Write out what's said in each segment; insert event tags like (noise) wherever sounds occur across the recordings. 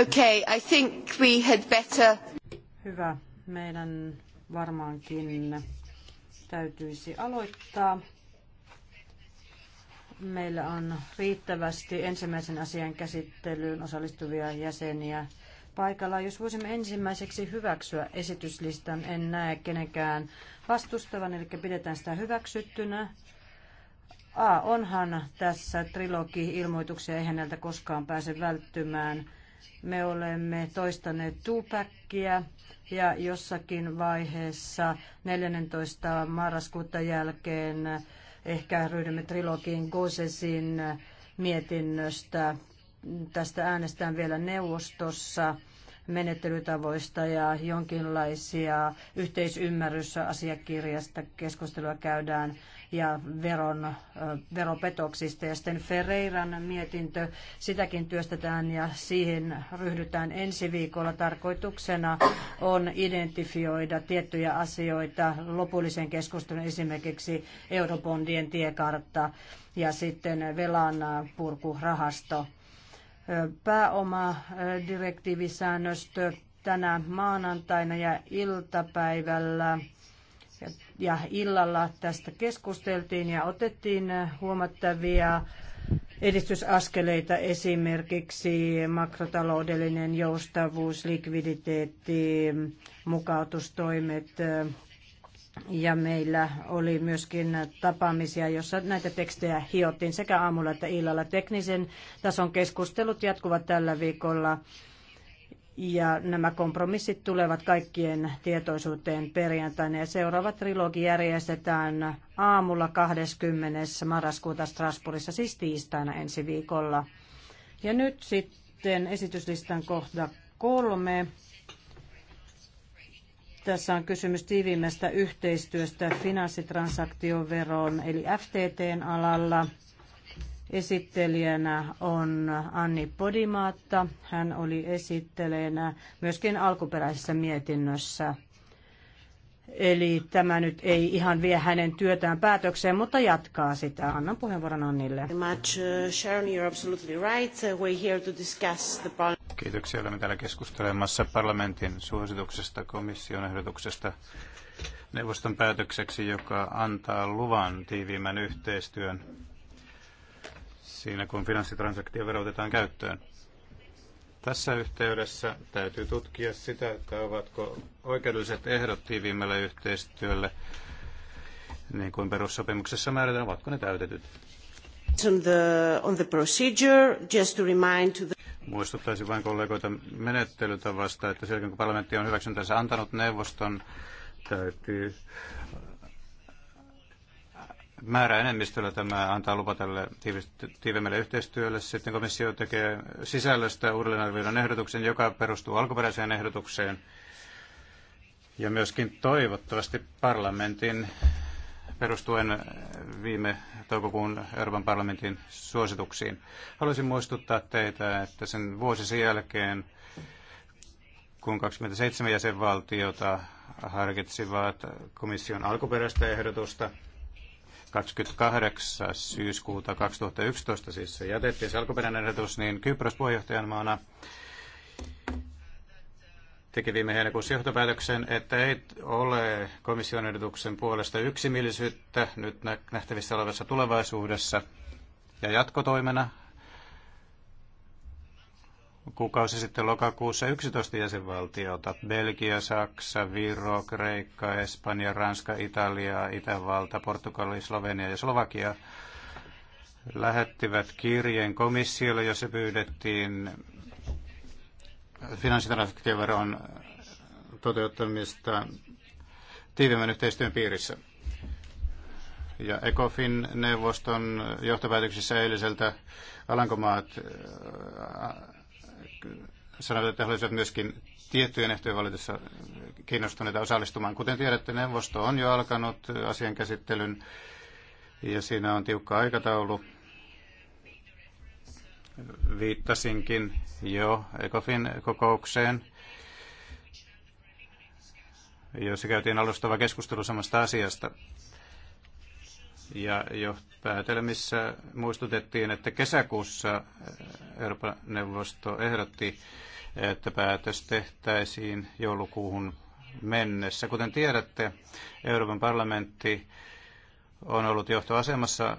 Okay, I think we had better... Hyvä. Meidän varmaankin täytyisi aloittaa. Meillä on riittävästi ensimmäisen asian käsittelyyn osallistuvia jäseniä paikalla. Jos voisimme ensimmäiseksi hyväksyä esityslistan, en näe kenenkään vastustavan, eli pidetään sitä hyväksyttynä. A, onhan tässä trilogi-ilmoituksia, ei häneltä koskaan pääse välttymään. Me olemme toistaneet Tupäkkiä ja jossakin vaiheessa 14. marraskuuta jälkeen ehkä ryhdymme trilogiin Gosesin mietinnöstä tästä äänestään vielä neuvostossa menettelytavoista ja jonkinlaisia asiakirjasta keskustelua käydään ja veron, veropetoksista. Ja sitten Ferreiran mietintö, sitäkin työstetään ja siihen ryhdytään ensi viikolla. Tarkoituksena on identifioida tiettyjä asioita lopullisen keskustelun esimerkiksi eurobondien tiekartta ja sitten velan purkurahasto pääomadirektiivisäännöstö tänä maanantaina ja iltapäivällä ja illalla tästä keskusteltiin ja otettiin huomattavia edistysaskeleita esimerkiksi makrotaloudellinen joustavuus, likviditeetti, mukautustoimet, ja meillä oli myöskin tapaamisia, jossa näitä tekstejä hiottiin sekä aamulla että illalla. Teknisen tason keskustelut jatkuvat tällä viikolla ja nämä kompromissit tulevat kaikkien tietoisuuteen perjantaina. Ja seuraava trilogi järjestetään aamulla 20. marraskuuta Strasbourgissa, siis tiistaina ensi viikolla. Ja nyt sitten esityslistan kohta kolme. Tässä on kysymys tiiviimmästä yhteistyöstä finanssitransaktioveron eli FTTn alalla. Esittelijänä on Anni Podimaatta. Hän oli esittelijänä myöskin alkuperäisessä mietinnössä. Eli tämä nyt ei ihan vie hänen työtään päätökseen, mutta jatkaa sitä. Annan puheenvuoron Annille. Uh, uh, Kiitoksia. Olemme täällä keskustelemassa parlamentin suosituksesta, komission ehdotuksesta neuvoston päätökseksi, joka antaa luvan tiiviimmän yhteistyön siinä, kun finanssitransaktio verotetaan käyttöön. Tässä yhteydessä täytyy tutkia sitä, että ovatko oikeudelliset ehdot tiiviimmälle yhteistyölle, niin kuin perussopimuksessa määritellään, ovatko ne täytetyt. On the, on the procedure, just to remind to the... Muistuttaisin vain kollegoita menettelytavasta, että silloin kun parlamentti on hyväksyntänsä antanut neuvoston, täytyy määräenemmistöllä tämä antaa lupa tälle tiivemmälle yhteistyölle. Sitten komissio tekee sisällöstä uudelleenarvioidun ehdotuksen, joka perustuu alkuperäiseen ehdotukseen. Ja myöskin toivottavasti parlamentin perustuen viime toukokuun Euroopan parlamentin suosituksiin. Haluaisin muistuttaa teitä, että sen vuosi sen jälkeen, kun 27 jäsenvaltiota harkitsivat komission alkuperäistä ehdotusta, 28. syyskuuta 2011, siis se jätettiin se alkuperäinen ehdotus, niin Kypros maana teki viime heinäkuussa johtopäätöksen, että ei ole komission ehdotuksen puolesta yksimielisyyttä nyt nähtävissä olevassa tulevaisuudessa. Ja jatkotoimena kuukausi sitten lokakuussa 11 jäsenvaltiota. Belgia, Saksa, Viro, Kreikka, Espanja, Ranska, Italia, Itävalta, Portugali, Slovenia ja Slovakia lähettivät kirjeen komissiolle, jossa pyydettiin finanssitransaktioveron toteuttamista tiiviimmän yhteistyön piirissä. Ja ECOFIN-neuvoston johtopäätöksissä eiliseltä Alankomaat äh, sanoivat, että he olisivat myöskin tiettyjen ehtojen valitessa kiinnostuneita osallistumaan. Kuten tiedätte, neuvosto on jo alkanut asian käsittelyn ja siinä on tiukka aikataulu. Viittasinkin jo ECOFIN kokoukseen, jossa käytiin alustava keskustelu samasta asiasta. Ja päätelmissä muistutettiin, että kesäkuussa äh, Euroopan neuvosto ehdotti, että päätös tehtäisiin joulukuuhun mennessä. Kuten tiedätte, Euroopan parlamentti on ollut johtoasemassa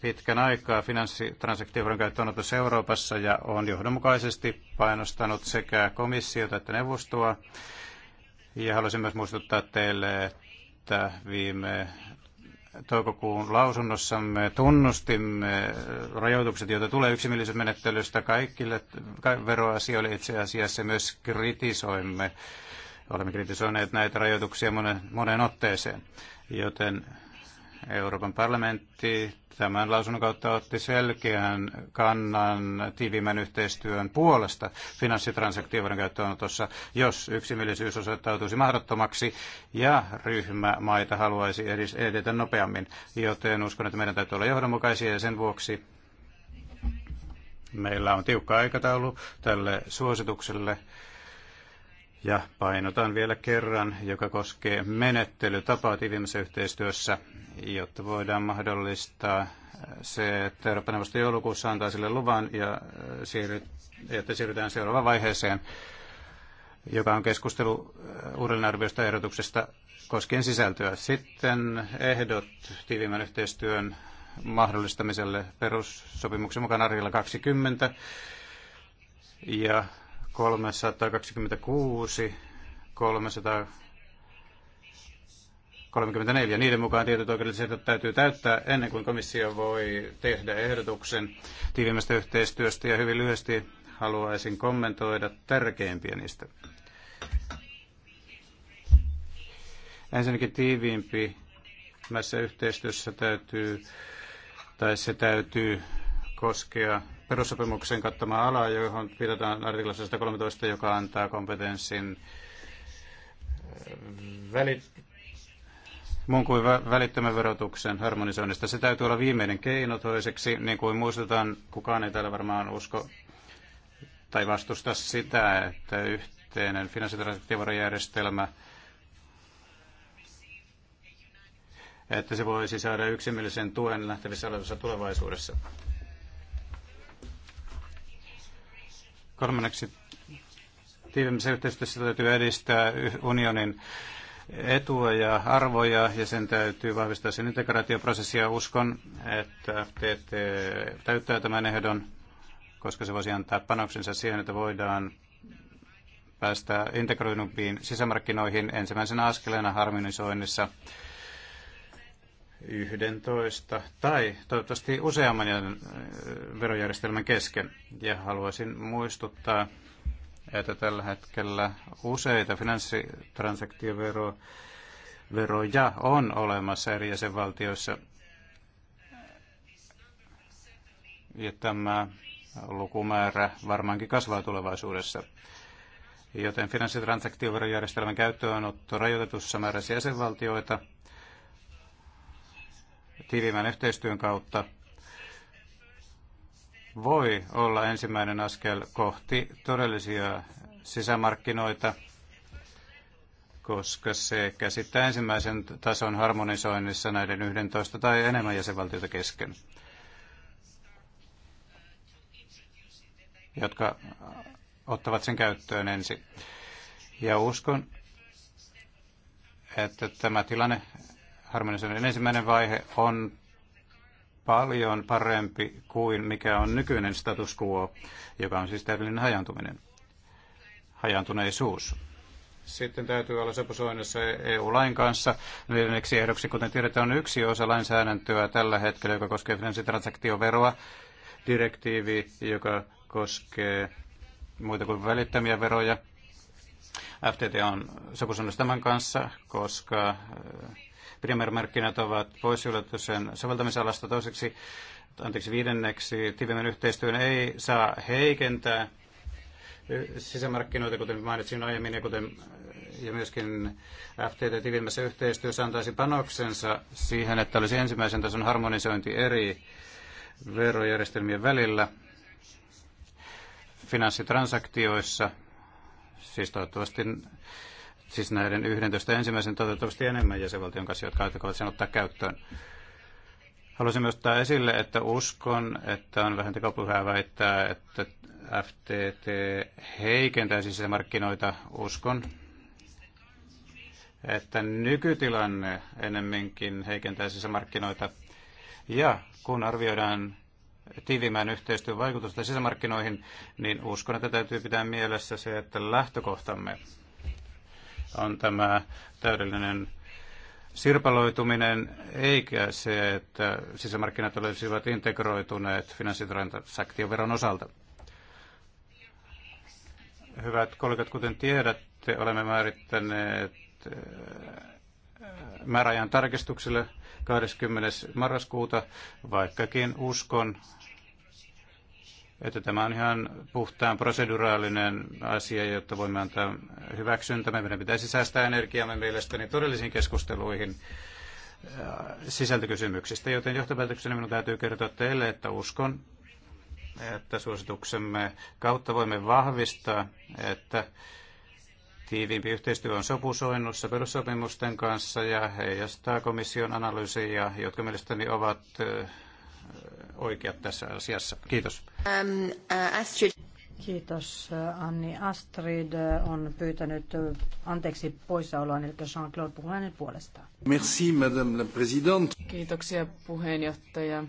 pitkän aikaa finanssitransaktioveron käyttöönotossa Euroopassa ja on johdonmukaisesti painostanut sekä komissiota että neuvostoa. Ja haluaisin myös muistuttaa teille, että viime toukokuun lausunnossamme tunnustimme rajoitukset, joita tulee yksimielisyysmenettelystä kaikille veroasioille. Itse asiassa myös kritisoimme, olemme kritisoineet näitä rajoituksia monen, monen otteeseen, joten Euroopan parlamentti tämän lausunnon kautta otti selkeän kannan tiiviimmän yhteistyön puolesta finanssitransaktioiden käyttöönotossa, jos yksimielisyys osoittautuisi mahdottomaksi ja ryhmä maita haluaisi edetä nopeammin. Joten uskon, että meidän täytyy olla johdonmukaisia ja sen vuoksi meillä on tiukka aikataulu tälle suositukselle ja painotan vielä kerran, joka koskee menettelytapaa tiiviimmässä yhteistyössä, jotta voidaan mahdollistaa se, että Euroopan neuvosto joulukuussa antaa sille luvan ja äh, siirry, että siirrytään seuraavaan vaiheeseen, joka on keskustelu äh, uudelleenarvioista ehdotuksesta koskien sisältöä. Sitten ehdot tiiviimmän yhteistyön mahdollistamiselle perussopimuksen mukaan arjilla 20 ja 326, 334. Niiden mukaan tietyt oikeudelliset täytyy täyttää ennen kuin komissio voi tehdä ehdotuksen tiivimmästä yhteistyöstä ja hyvin lyhyesti haluaisin kommentoida tärkeimpiä niistä. Ensinnäkin tiiviimpi yhteistyössä täytyy, tai se täytyy koskea perussopimuksen kattama ala, johon pidetään artiklassa 113, joka antaa kompetenssin äh, välit, muun kuin välittömän verotuksen harmonisoinnista. Se täytyy olla viimeinen keino toiseksi, niin kuin muistetaan, kukaan ei täällä varmaan usko tai vastusta sitä, että yhteinen finanssitransaktiovarajärjestelmä että se voisi saada yksimielisen tuen lähtevissä olevassa tulevaisuudessa. Kolmanneksi tiivimmässä yhteistyössä täytyy edistää unionin etua ja arvoja, ja sen täytyy vahvistaa sen integraatioprosessia. Uskon, että FTT täyttää tämän ehdon, koska se voisi antaa panoksensa siihen, että voidaan päästä integroidumpiin sisämarkkinoihin ensimmäisenä askeleena harmonisoinnissa 11 tai toivottavasti useamman verojärjestelmän kesken. Ja haluaisin muistuttaa, että tällä hetkellä useita finanssitransaktioveroja on olemassa eri jäsenvaltioissa. Ja tämä lukumäärä varmaankin kasvaa tulevaisuudessa. Joten finanssitransaktioverojärjestelmän käyttöönotto rajoitetussa määrässä jäsenvaltioita – tiiviimmän yhteistyön kautta voi olla ensimmäinen askel kohti todellisia sisämarkkinoita, koska se käsittää ensimmäisen tason harmonisoinnissa näiden 11 tai enemmän jäsenvaltiota kesken, jotka ottavat sen käyttöön ensin. Ja uskon, että tämä tilanne harmonisoinnin ensimmäinen vaihe on paljon parempi kuin mikä on nykyinen status quo, joka on siis täydellinen hajantuminen, hajantuneisuus. Sitten täytyy olla sopusoinnissa EU-lain kanssa. Neljänneksi ehdoksi, kuten tiedetään, on yksi osa lainsäädäntöä tällä hetkellä, joka koskee finanssitransaktioveroa, direktiivi, joka koskee muita kuin välittämiä veroja. FTT on sopusoinnissa tämän kanssa, koska Primermarkkinat ovat yllätyksen soveltamisalasta toiseksi, anteeksi viidenneksi, tiivemmän yhteistyön ei saa heikentää sisämarkkinoita, kuten mainitsin aiemmin, ja, kuten, ja myöskin FTT tiivimmässä yhteistyössä antaisi panoksensa siihen, että olisi ensimmäisen tason harmonisointi eri verojärjestelmien välillä finanssitransaktioissa, siis toivottavasti siis näiden 11 ensimmäisen toivottavasti enemmän jäsenvaltion kanssa, jotka aikovat sen ottaa käyttöön. Haluaisin myös ottaa esille, että uskon, että on vähän tekopyhää väittää, että FTT heikentäisi sisämarkkinoita. Uskon, että nykytilanne enemmänkin heikentää sisämarkkinoita. Ja kun arvioidaan tiivimään yhteistyön vaikutusta sisämarkkinoihin, niin uskon, että täytyy pitää mielessä se, että lähtökohtamme on tämä täydellinen sirpaloituminen, eikä se, että sisämarkkinat olisivat integroituneet finanssitransaktioveron osalta. Hyvät kollegat, kuten tiedätte, olemme määrittäneet äh, määräajan tarkistukselle 20. marraskuuta, vaikkakin uskon, että tämä on ihan puhtaan proseduraalinen asia, jotta voimme antaa hyväksyntä Meidän pitäisi säästää energiamme mielestäni todellisiin keskusteluihin äh, sisältökysymyksistä, joten johtopäätöksenä minun täytyy kertoa teille, että uskon, että suosituksemme kautta voimme vahvistaa, että tiiviimpi yhteistyö on sopusoinnussa perussopimusten kanssa ja heijastaa komission analyysiä, jotka mielestäni ovat äh, oikeat tässä asiassa. Kiitos. Um, uh, Astrid. Kiitos. Äh, Anni Astrid äh, on pyytänyt anteeksi poissaoloa, eli Jean-Claude puhuu hänen puolestaan. Merci, Madame la Présidente. Kiitoksia puheenjohtaja.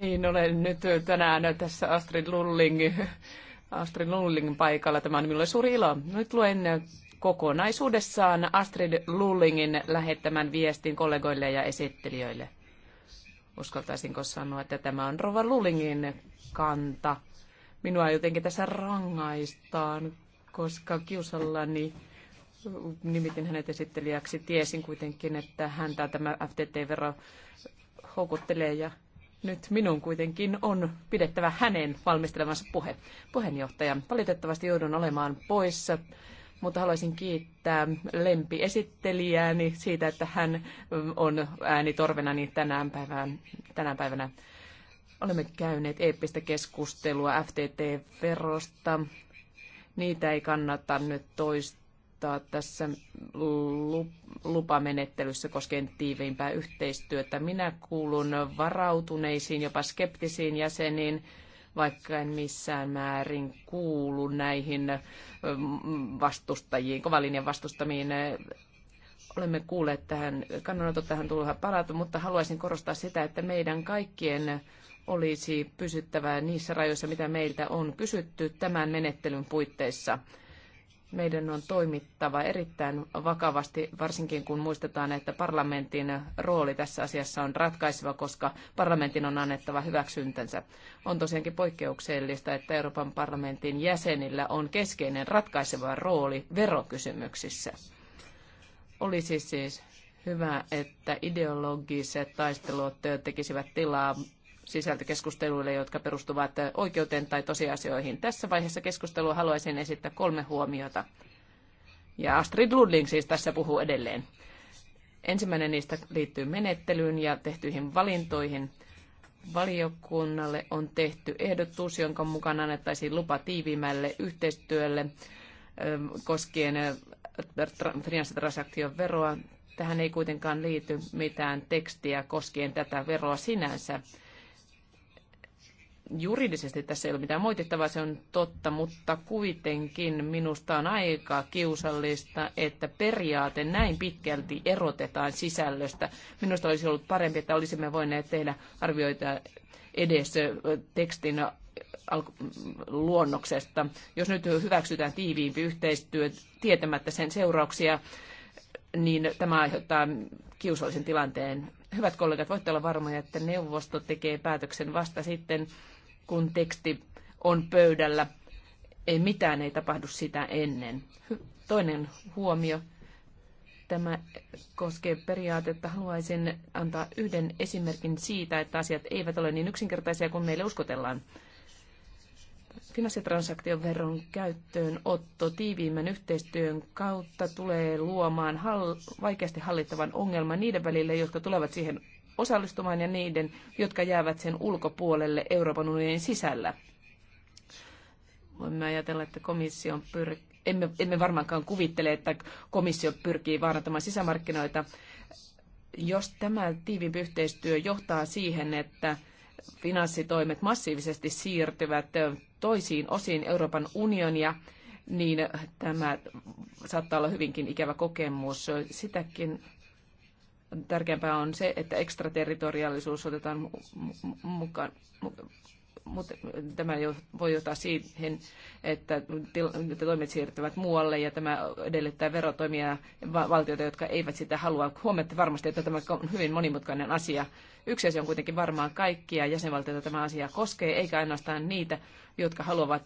Niin, olen nyt tänään tässä Astrid Lulling, Astrid Lulling paikalla. Tämä on minulle suuri ilo. Nyt luen kokonaisuudessaan Astrid Lullingin lähettämän viestin kollegoille ja esittelijöille. Uskaltaisinko sanoa, että tämä on Rova Lullingin kanta. Minua jotenkin tässä rangaistaan, koska kiusallani nimitin hänet esittelijäksi. Tiesin kuitenkin, että häntä tämä FTT-vero houkuttelee ja nyt minun kuitenkin on pidettävä hänen valmistelemansa puhe. Puheenjohtaja, valitettavasti joudun olemaan poissa mutta haluaisin kiittää lempiesittelijääni siitä, että hän on äänitorvenani niin tänään päivään, tänä päivänä. Olemme käyneet eeppistä keskustelua FTT-verosta. Niitä ei kannata nyt toistaa tässä lupamenettelyssä koskien tiiveimpää yhteistyötä. Minä kuulun varautuneisiin, jopa skeptisiin jäseniin, vaikka en missään määrin kuulu näihin vastustajiin, kovalinjan vastustamiin olemme kuulleet tähän, kannanotot tähän tulee palata, mutta haluaisin korostaa sitä, että meidän kaikkien olisi pysyttävää niissä rajoissa, mitä meiltä on kysytty tämän menettelyn puitteissa meidän on toimittava erittäin vakavasti, varsinkin kun muistetaan, että parlamentin rooli tässä asiassa on ratkaiseva, koska parlamentin on annettava hyväksyntänsä. On tosiaankin poikkeuksellista, että Euroopan parlamentin jäsenillä on keskeinen ratkaiseva rooli verokysymyksissä. Olisi siis hyvä, että ideologiset taistelut tekisivät tilaa sisältökeskusteluille, jotka perustuvat oikeuteen tai tosiasioihin. Tässä vaiheessa keskustelua haluaisin esittää kolme huomiota. Ja Astrid Ludling siis tässä puhuu edelleen. Ensimmäinen niistä liittyy menettelyyn ja tehtyihin valintoihin. Valiokunnalle on tehty ehdotus, jonka mukaan annettaisiin lupa tiiviimmälle yhteistyölle ähm, koskien äh, finanssitransaktion veroa. Tähän ei kuitenkaan liity mitään tekstiä koskien tätä veroa sinänsä juridisesti tässä ei ole mitään moitittavaa, se on totta, mutta kuitenkin minusta on aika kiusallista, että periaate näin pitkälti erotetaan sisällöstä. Minusta olisi ollut parempi, että olisimme voineet tehdä arvioita edes tekstin luonnoksesta. Jos nyt hyväksytään tiiviimpi yhteistyö tietämättä sen seurauksia, niin tämä aiheuttaa kiusallisen tilanteen. Hyvät kollegat, voitte olla varmoja, että neuvosto tekee päätöksen vasta sitten, kun teksti on pöydällä. Ei mitään ei tapahdu sitä ennen. Toinen huomio. Tämä koskee periaatetta. Haluaisin antaa yhden esimerkin siitä, että asiat eivät ole niin yksinkertaisia kuin meille uskotellaan. Finanssitransaktioveron käyttöönotto tiiviimmän yhteistyön kautta tulee luomaan hall- vaikeasti hallittavan ongelman niiden välille, jotka tulevat siihen osallistumaan ja niiden, jotka jäävät sen ulkopuolelle Euroopan unionin sisällä. Voimme ajatella, että komissio pyr... emme, emme varmaankaan kuvittele, että komissio pyrkii vaarantamaan sisämarkkinoita. Jos tämä tiiviimpi yhteistyö johtaa siihen, että finanssitoimet massiivisesti siirtyvät toisiin osiin Euroopan unionia, niin tämä saattaa olla hyvinkin ikävä kokemus. Sitäkin Tärkeämpää on se, että ekstraterritoriaalisuus otetaan mukaan. Mutta tämä voi johtaa siihen, että toimet siirtyvät muualle ja tämä edellyttää verotoimia valtioita, jotka eivät sitä halua. Huomatte varmasti, että tämä on hyvin monimutkainen asia. Yksi asia on kuitenkin varmaan kaikkia jäsenvaltioita tämä asia koskee, eikä ainoastaan niitä, jotka haluavat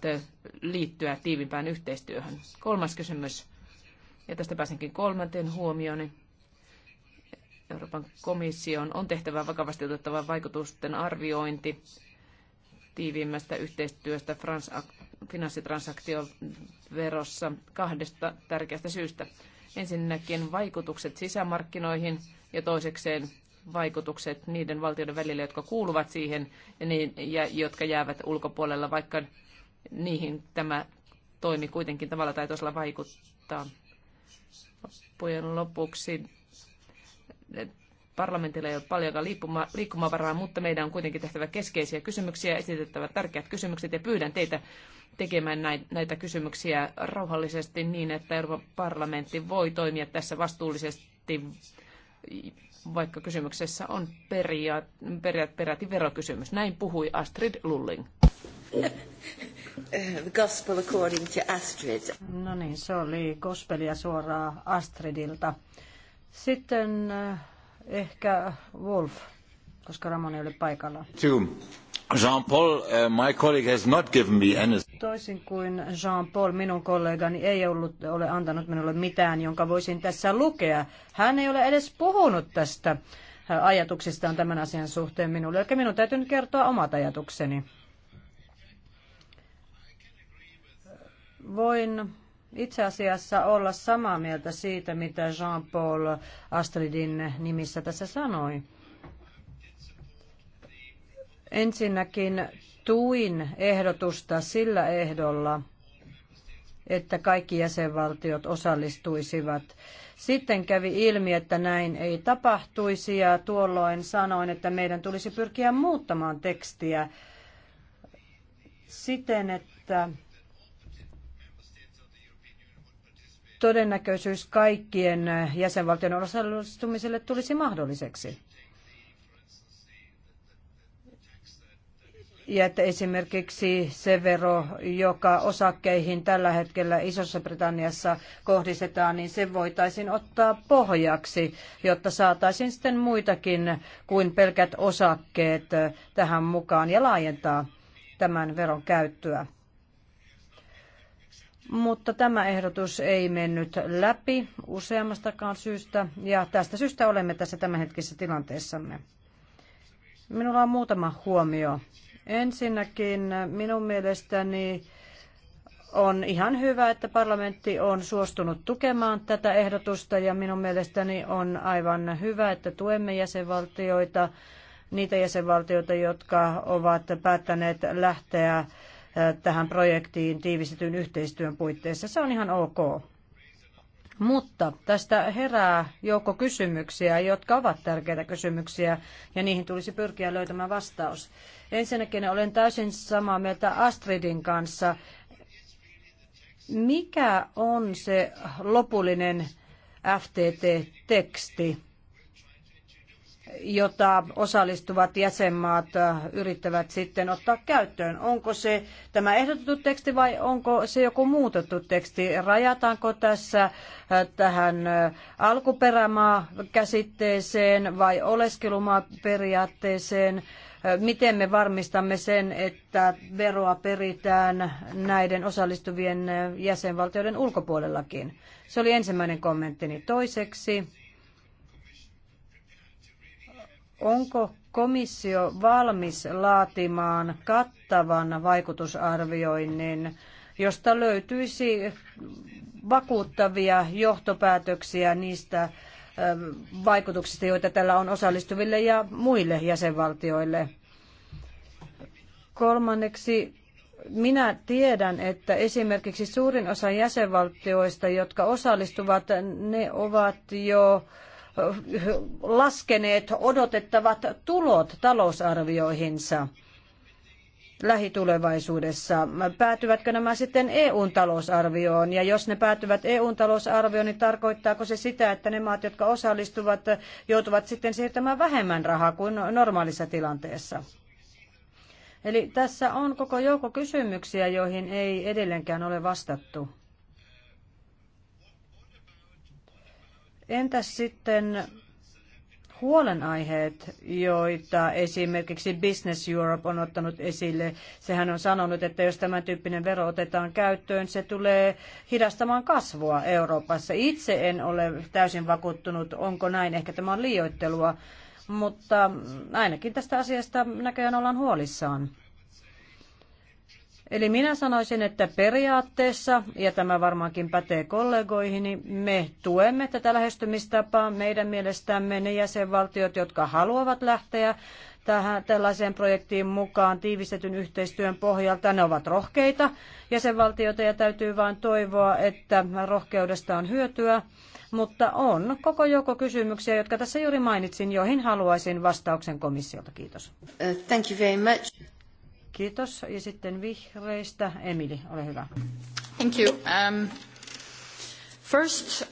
liittyä tiivimpään yhteistyöhön. Kolmas kysymys, ja tästä pääsenkin kolmanteen huomioon Euroopan komission on tehtävä vakavasti otettava vaikutusten arviointi tiiviimmästä yhteistyöstä finanssitransaktioverossa kahdesta tärkeästä syystä. Ensinnäkin vaikutukset sisämarkkinoihin ja toisekseen vaikutukset niiden valtioiden välillä, jotka kuuluvat siihen ja, niin, ja jotka jäävät ulkopuolella, vaikka niihin tämä toimi kuitenkin tavalla tai toisella vaikuttaa. Loppujen lopuksi Parlamentilla ei ole paljonkaan liikkumavaraa, mutta meidän on kuitenkin tehtävä keskeisiä kysymyksiä, esitettävä tärkeät kysymykset ja pyydän teitä tekemään näitä kysymyksiä rauhallisesti niin, että Euroopan parlamentti voi toimia tässä vastuullisesti, vaikka kysymyksessä on peria, peria, peräti verokysymys. Näin puhui Astrid Lulling. (laughs) The gospel according to Astrid. No niin, se oli gospelia suoraan Astridilta. Sitten eh, ehkä Wolf, koska Ramon ei ole paikalla. Jean-Paul, eh, my colleague has not given me any... Toisin kuin Jean-Paul, minun kollegani ei ollut, ole antanut minulle mitään, jonka voisin tässä lukea. Hän ei ole edes puhunut tästä eh, ajatuksistaan tämän asian suhteen minulle, eli minun täytyy nyt kertoa omat ajatukseni. Voin itse asiassa olla samaa mieltä siitä, mitä Jean-Paul Astridin nimissä tässä sanoi. Ensinnäkin tuin ehdotusta sillä ehdolla, että kaikki jäsenvaltiot osallistuisivat. Sitten kävi ilmi, että näin ei tapahtuisi ja tuolloin sanoin, että meidän tulisi pyrkiä muuttamaan tekstiä siten, että todennäköisyys kaikkien jäsenvaltion osallistumiselle tulisi mahdolliseksi. ja että esimerkiksi se vero, joka osakkeihin tällä hetkellä Isossa Britanniassa kohdistetaan, niin se voitaisiin ottaa pohjaksi, jotta saataisiin sitten muitakin kuin pelkät osakkeet tähän mukaan ja laajentaa tämän veron käyttöä mutta tämä ehdotus ei mennyt läpi useammastakaan syystä, ja tästä syystä olemme tässä tämänhetkisessä tilanteessamme. Minulla on muutama huomio. Ensinnäkin minun mielestäni on ihan hyvä, että parlamentti on suostunut tukemaan tätä ehdotusta ja minun mielestäni on aivan hyvä, että tuemme jäsenvaltioita, niitä jäsenvaltioita, jotka ovat päättäneet lähteä tähän projektiin tiivistetyn yhteistyön puitteissa. Se on ihan ok. Mutta tästä herää joukko kysymyksiä, jotka ovat tärkeitä kysymyksiä, ja niihin tulisi pyrkiä löytämään vastaus. Ensinnäkin olen täysin samaa mieltä Astridin kanssa. Mikä on se lopullinen FTT-teksti? jota osallistuvat jäsenmaat äh, yrittävät sitten ottaa käyttöön. Onko se tämä ehdotettu teksti vai onko se joku muutettu teksti? Rajataanko tässä äh, tähän äh, alkuperämaa käsitteeseen vai oleskelumaa periaatteeseen? Miten me varmistamme sen, että veroa peritään näiden osallistuvien jäsenvaltioiden ulkopuolellakin? Se oli ensimmäinen kommenttini. Toiseksi Onko komissio valmis laatimaan kattavan vaikutusarvioinnin, josta löytyisi vakuuttavia johtopäätöksiä niistä vaikutuksista, joita tällä on osallistuville ja muille jäsenvaltioille. Kolmanneksi, minä tiedän, että esimerkiksi suurin osa jäsenvaltioista, jotka osallistuvat, ne ovat jo laskeneet odotettavat tulot talousarvioihinsa lähitulevaisuudessa. Päätyvätkö nämä sitten eu talousarvioon? Ja jos ne päätyvät eu talousarvioon, niin tarkoittaako se sitä, että ne maat, jotka osallistuvat, joutuvat sitten siirtämään vähemmän rahaa kuin normaalissa tilanteessa? Eli tässä on koko joukko kysymyksiä, joihin ei edelleenkään ole vastattu. Entäs sitten huolenaiheet, joita esimerkiksi Business Europe on ottanut esille. Sehän on sanonut, että jos tämän tyyppinen vero otetaan käyttöön, se tulee hidastamaan kasvua Euroopassa. Itse en ole täysin vakuuttunut, onko näin. Ehkä tämä on liioittelua, mutta ainakin tästä asiasta näköjään ollaan huolissaan. Eli minä sanoisin, että periaatteessa, ja tämä varmaankin pätee kollegoihin, niin me tuemme tätä lähestymistapaa. Meidän mielestämme ne jäsenvaltiot, jotka haluavat lähteä tähän, tällaiseen projektiin mukaan tiivistetyn yhteistyön pohjalta, ne ovat rohkeita jäsenvaltioita ja täytyy vain toivoa, että rohkeudesta on hyötyä. Mutta on koko joukko kysymyksiä, jotka tässä juuri mainitsin, joihin haluaisin vastauksen komissiolta. Kiitos. Uh, thank you very much. Kiitos. Ja sitten vihreistä. Emili, ole hyvä. Thank you. Um, first...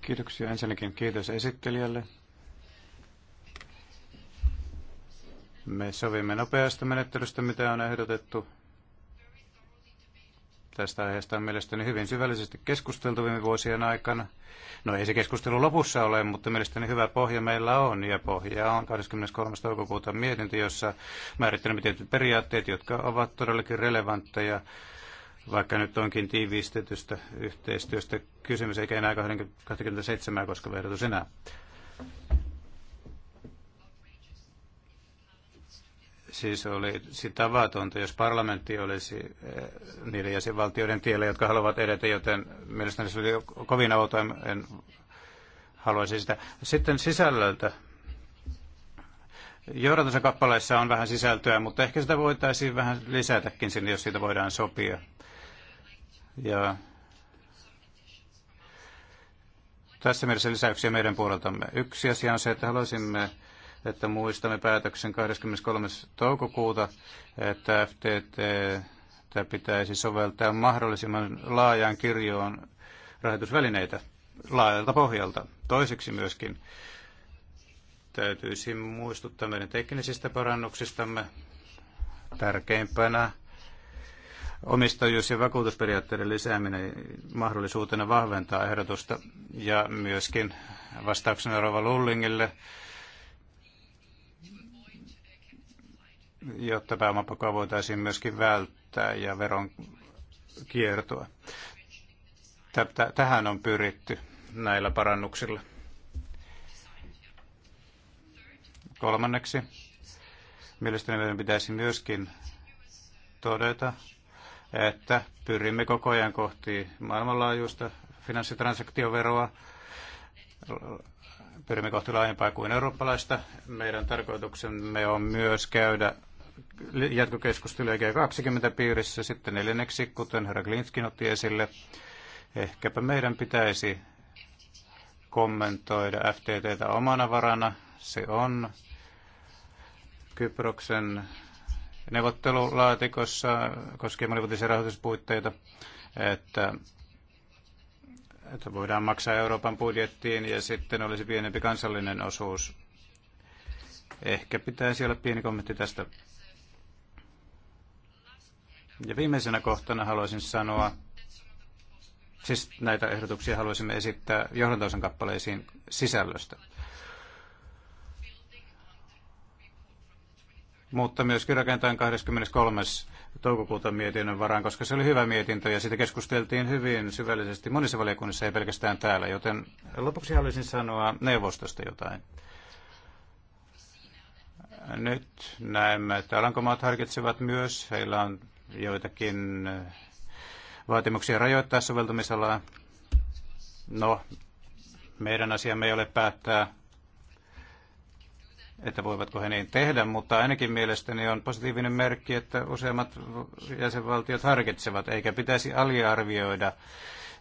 Kiitoksia ensinnäkin. Kiitos esittelijälle. Me sovimme nopeasta menettelystä, mitä on ehdotettu, Tästä aiheesta on mielestäni hyvin syvällisesti keskusteltu viime vuosien aikana. No ei se keskustelu lopussa ole, mutta mielestäni hyvä pohja meillä on. Ja pohja on 23. toukokuuta mietintö, jossa määrittelemme tietyt periaatteet, jotka ovat todellakin relevantteja vaikka nyt onkin tiivistetystä yhteistyöstä kysymys, eikä enää 27 koska ehdotus enää. Siis olisi tavatonta, jos parlamentti olisi eh, niiden jäsenvaltioiden tiellä, jotka haluavat edetä, joten mielestäni se oli kovin outo, en, en haluaisi sitä. Sitten sisällöltä. Johdatonsa kappaleissa on vähän sisältöä, mutta ehkä sitä voitaisiin vähän lisätäkin sinne, jos siitä voidaan sopia. Ja tässä mielessä lisäyksiä meidän puoleltamme. Yksi asia on se, että haluaisimme että muistamme päätöksen 23. toukokuuta, että FTT pitäisi soveltaa mahdollisimman laajaan kirjoon rahoitusvälineitä laajalta pohjalta. Toiseksi myöskin täytyisi muistuttaa meidän teknisistä parannuksistamme tärkeimpänä omistajuus- ja vakuutusperiaatteiden lisääminen mahdollisuutena vahventaa ehdotusta ja myöskin vastauksena Rova Lullingille jotta pääomapakoa voitaisiin myöskin välttää ja veron kiertoa. Tähän on pyritty näillä parannuksilla. Kolmanneksi, mielestäni meidän pitäisi myöskin todeta, että pyrimme koko ajan kohti maailmanlaajuista finanssitransaktioveroa. Pyrimme kohti laajempaa kuin eurooppalaista. Meidän tarkoituksemme on myös käydä jatkokeskusteluja G20-piirissä. Sitten neljänneksi, kuten herra Glinskin otti esille, ehkäpä meidän pitäisi kommentoida FTTtä omana varana. Se on Kyproksen neuvottelulaatikossa koskien monivuotisia rahoituspuitteita, että, että voidaan maksaa Euroopan budjettiin ja sitten olisi pienempi kansallinen osuus. Ehkä pitäisi olla pieni kommentti tästä. Ja viimeisenä kohtana haluaisin sanoa, siis näitä ehdotuksia haluaisimme esittää johdantoisen kappaleisiin sisällöstä. Mutta myöskin rakentaen 23 toukokuuta mietinnön varaan, koska se oli hyvä mietintö ja siitä keskusteltiin hyvin syvällisesti monissa valiokunnissa, ei pelkästään täällä. Joten lopuksi haluaisin sanoa neuvostosta jotain. Nyt näemme, että Alankomaat harkitsevat myös, heillä on joitakin äh, vaatimuksia rajoittaa soveltamisalaa. No, meidän asiamme ei ole päättää, että voivatko he niin tehdä, mutta ainakin mielestäni on positiivinen merkki, että useimmat jäsenvaltiot harkitsevat, eikä pitäisi aliarvioida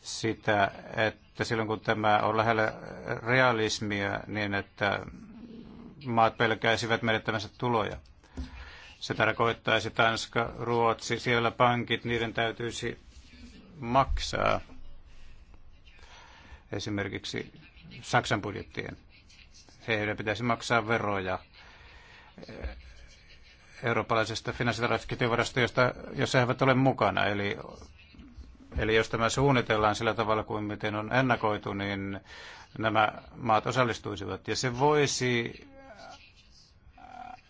sitä, että silloin kun tämä on lähellä realismia, niin että maat pelkäisivät menettämänsä tuloja. Se tarkoittaisi Tanska, Ruotsi, siellä pankit, niiden täytyisi maksaa esimerkiksi Saksan budjettien. Heidän pitäisi maksaa veroja eh, eurooppalaisesta finanssitarkastusketjuvarasto, josta, jossa he eivät ole mukana. Eli, eli jos tämä suunnitellaan sillä tavalla kuin miten on ennakoitu, niin nämä maat osallistuisivat. Ja se voisi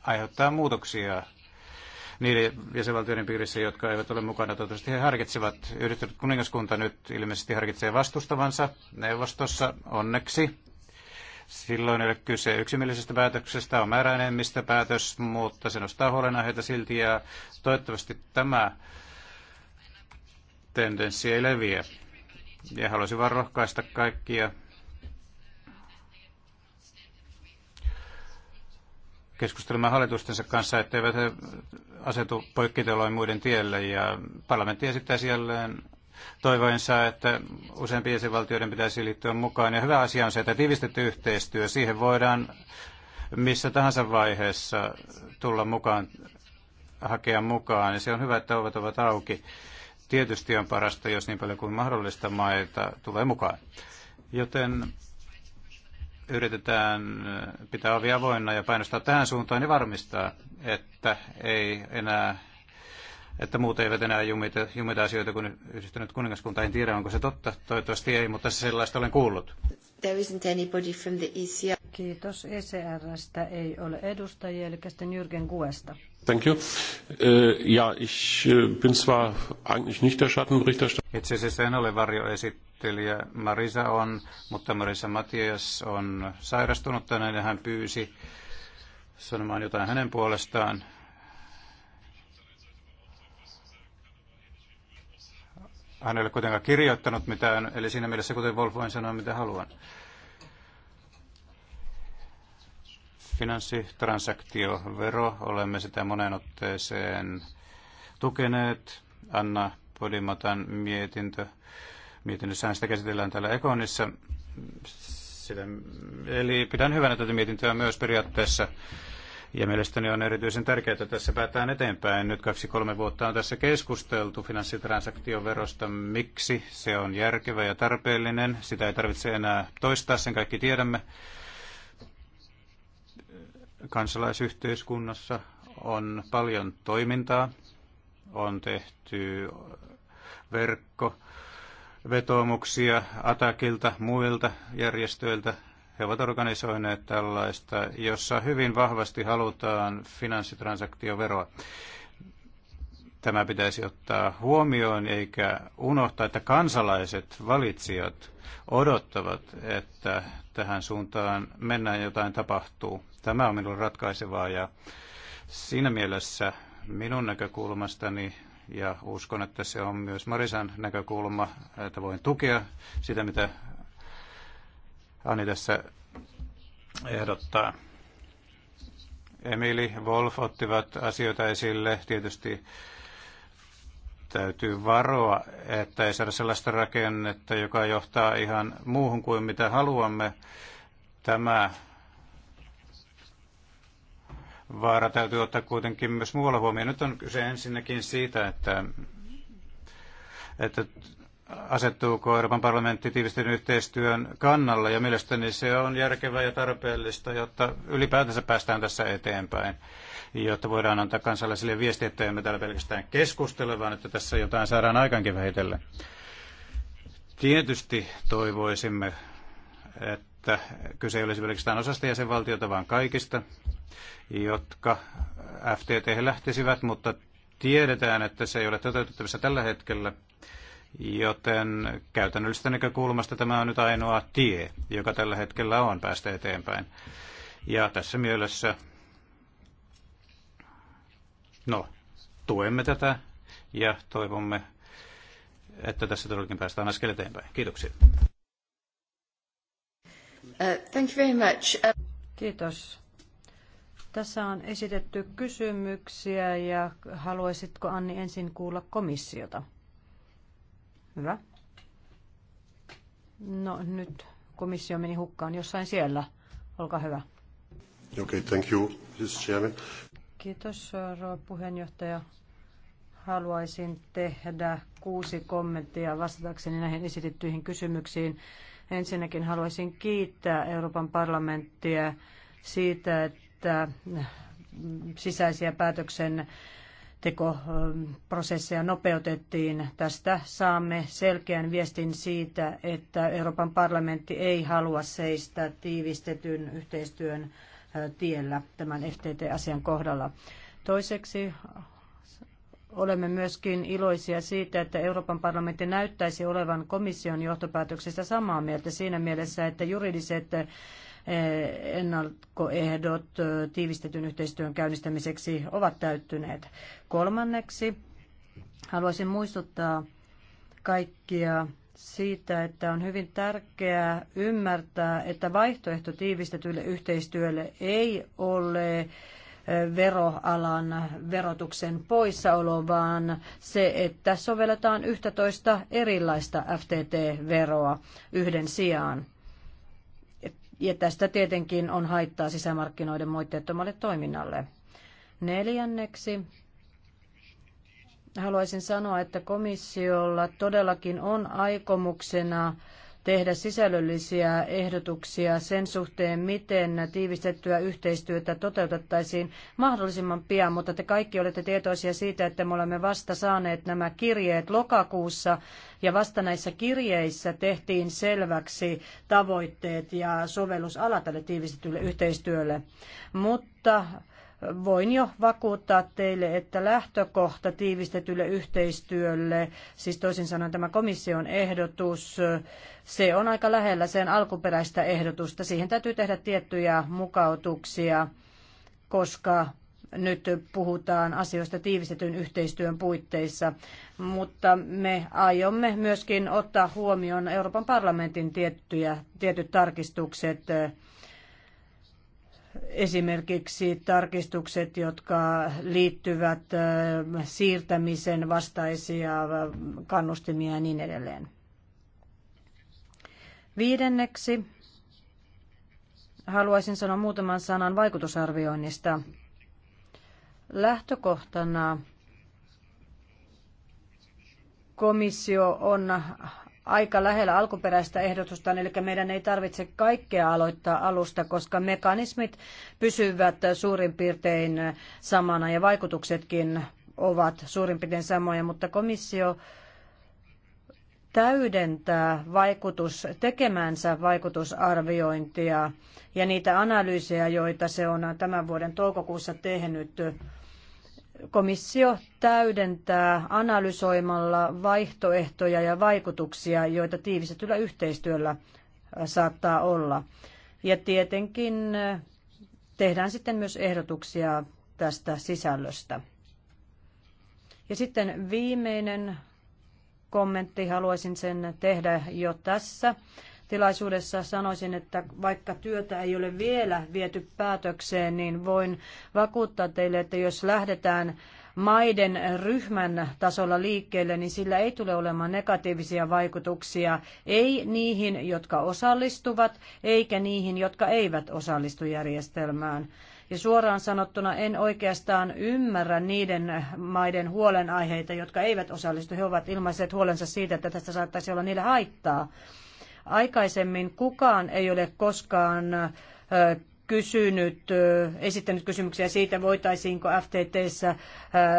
aiheuttaa muutoksia niiden jäsenvaltioiden piirissä, jotka eivät ole mukana. Toivottavasti he harkitsevat. Yhdistynyt kuningaskunta nyt ilmeisesti harkitsee vastustavansa neuvostossa, onneksi. Silloin ei ole kyse yksimielisestä päätöksestä, on määräenemmistä päätös, mutta se nostaa huolenaiheita silti ja toivottavasti tämä tendenssi ei leviä. Ja haluaisin vaan rohkaista kaikkia keskustelemaan hallitustensa kanssa, etteivät he asetu poikkiteloin muiden tielle. Ja parlamentti esittää jälleen toivoensa, että useampien jäsenvaltioiden pitäisi liittyä mukaan. Ja hyvä asia on se, että tiivistetty yhteistyö, siihen voidaan missä tahansa vaiheessa tulla mukaan, hakea mukaan. Ja se on hyvä, että ovat ovat auki. Tietysti on parasta, jos niin paljon kuin mahdollista maita tulee mukaan. Joten yritetään äh, pitää ovi avoinna ja painostaa tähän suuntaan, niin varmistaa, että ei enää että muut eivät enää jumita, jumita asioita kuin yhdistynyt kuningaskunta. En tiedä, onko se totta. Toivottavasti ei, mutta sellaista olen kuullut. There isn't anybody from the ECR. Kiitos. ECRstä ei ole edustajia, eli sitten Jürgen Guesta. Thank you. Äh, ja, ich äh, bin zwar eigentlich nicht der Schattenberichterstatter. Itse asiassa en ole varjoesittelijä. Marisa on, mutta Marisa Matias on sairastunut tänään ja hän pyysi sanomaan jotain hänen puolestaan. Hän ei ole kuitenkaan kirjoittanut mitään, eli siinä mielessä, kuten Wolf, voin sanoa mitä haluan. Finanssitransaktiovero, olemme sitä monen otteeseen tukeneet. Anna Podimatan mietintö. Mietinnössähän sitä käsitellään täällä Ekonissa. Sitä, eli pidän hyvänä tätä mietintöä myös periaatteessa ja mielestäni on erityisen tärkeää, että tässä päätään eteenpäin. Nyt kaksi-kolme vuotta on tässä keskusteltu finanssitransaktioverosta. Miksi se on järkevä ja tarpeellinen? Sitä ei tarvitse enää toistaa, sen kaikki tiedämme. Kansalaisyhteiskunnassa on paljon toimintaa. On tehty verkko vetoomuksia Atakilta, muilta järjestöiltä, he ovat organisoineet tällaista, jossa hyvin vahvasti halutaan finanssitransaktioveroa. Tämä pitäisi ottaa huomioon eikä unohtaa, että kansalaiset, valitsijat odottavat, että tähän suuntaan mennään jotain tapahtuu. Tämä on minulle ratkaisevaa ja siinä mielessä minun näkökulmastani ja uskon, että se on myös Marisan näkökulma, että voin tukea sitä, mitä Ani tässä ehdottaa. Emili, Wolf ottivat asioita esille. Tietysti täytyy varoa, että ei saada sellaista rakennetta, joka johtaa ihan muuhun kuin mitä haluamme. Tämä vaara täytyy ottaa kuitenkin myös muualla huomioon. Nyt on kyse ensinnäkin siitä, että, että asettuuko Euroopan parlamentti tiivistyn yhteistyön kannalle, ja mielestäni se on järkevää ja tarpeellista, jotta ylipäätänsä päästään tässä eteenpäin, jotta voidaan antaa kansalaisille viesti, että emme täällä pelkästään keskustele, vaan että tässä jotain saadaan aikaankin vähitellen. Tietysti toivoisimme, että kyse ei olisi pelkästään osasta jäsenvaltiota, vaan kaikista, jotka FTT lähtisivät, mutta tiedetään, että se ei ole toteutettavissa tällä hetkellä. Joten käytännöllisestä näkökulmasta tämä on nyt ainoa tie, joka tällä hetkellä on päästä eteenpäin. Ja tässä mielessä, no, tuemme tätä ja toivomme, että tässä todellakin päästään askel eteenpäin. Kiitoksia. Uh, thank you very much. Uh... Kiitos. Tässä on esitetty kysymyksiä ja haluaisitko Anni ensin kuulla komissiota? Hyvä. No nyt komissio meni hukkaan jossain siellä. Olkaa hyvä. Okay, thank you, Chairman. Kiitos, rouva puheenjohtaja. Haluaisin tehdä kuusi kommenttia vastatakseni näihin esitettyihin kysymyksiin. Ensinnäkin haluaisin kiittää Euroopan parlamenttia siitä, että sisäisiä päätöksen päätöksentekoprosesseja ähm, nopeutettiin. Tästä saamme selkeän viestin siitä, että Euroopan parlamentti ei halua seistä tiivistetyn yhteistyön äh, tiellä tämän FTT-asian kohdalla. Toiseksi olemme myöskin iloisia siitä, että Euroopan parlamentti näyttäisi olevan komission johtopäätöksistä samaa mieltä siinä mielessä, että juridiset Eh, ennakkoehdot eh, tiivistetyn yhteistyön käynnistämiseksi ovat täyttyneet. Kolmanneksi haluaisin muistuttaa kaikkia siitä, että on hyvin tärkeää ymmärtää, että vaihtoehto tiivistetylle yhteistyölle ei ole eh, veroalan verotuksen poissaolo, vaan se, että sovelletaan 11 erilaista FTT-veroa yhden sijaan. Ja tästä tietenkin on haittaa sisämarkkinoiden moitteettomalle toiminnalle. Neljänneksi haluaisin sanoa, että komissiolla todellakin on aikomuksena tehdä sisällöllisiä ehdotuksia sen suhteen, miten tiivistettyä yhteistyötä toteutettaisiin mahdollisimman pian, mutta te kaikki olette tietoisia siitä, että me olemme vasta saaneet nämä kirjeet lokakuussa ja vasta näissä kirjeissä tehtiin selväksi tavoitteet ja sovellusala tälle tiivistetylle yhteistyölle. Mutta voin jo vakuuttaa teille, että lähtökohta tiivistetylle yhteistyölle, siis toisin sanoen tämä komission ehdotus, se on aika lähellä sen alkuperäistä ehdotusta. Siihen täytyy tehdä tiettyjä mukautuksia, koska nyt puhutaan asioista tiivistetyn yhteistyön puitteissa, mutta me aiomme myöskin ottaa huomioon Euroopan parlamentin tiettyjä, tietyt tarkistukset esimerkiksi tarkistukset, jotka liittyvät siirtämisen vastaisia kannustimia ja niin edelleen. Viidenneksi haluaisin sanoa muutaman sanan vaikutusarvioinnista. Lähtökohtana komissio on aika lähellä alkuperäistä ehdotusta, eli meidän ei tarvitse kaikkea aloittaa alusta, koska mekanismit pysyvät suurin piirtein samana ja vaikutuksetkin ovat suurin piirtein samoja, mutta komissio täydentää vaikutus, tekemänsä vaikutusarviointia ja niitä analyysejä, joita se on tämän vuoden toukokuussa tehnyt Komissio täydentää analysoimalla vaihtoehtoja ja vaikutuksia, joita tiivistetyllä yhteistyöllä äh, saattaa olla. Ja tietenkin äh, tehdään sitten myös ehdotuksia tästä sisällöstä. Ja sitten viimeinen kommentti haluaisin sen tehdä jo tässä tilaisuudessa sanoisin, että vaikka työtä ei ole vielä viety päätökseen, niin voin vakuuttaa teille, että jos lähdetään maiden ryhmän tasolla liikkeelle, niin sillä ei tule olemaan negatiivisia vaikutuksia, ei niihin, jotka osallistuvat, eikä niihin, jotka eivät osallistu järjestelmään. Ja suoraan sanottuna en oikeastaan ymmärrä niiden maiden huolenaiheita, jotka eivät osallistu. He ovat ilmaiset huolensa siitä, että tästä saattaisi olla niille haittaa. Aikaisemmin kukaan ei ole koskaan kysynyt, esittänyt kysymyksiä siitä, voitaisiinko FTTssä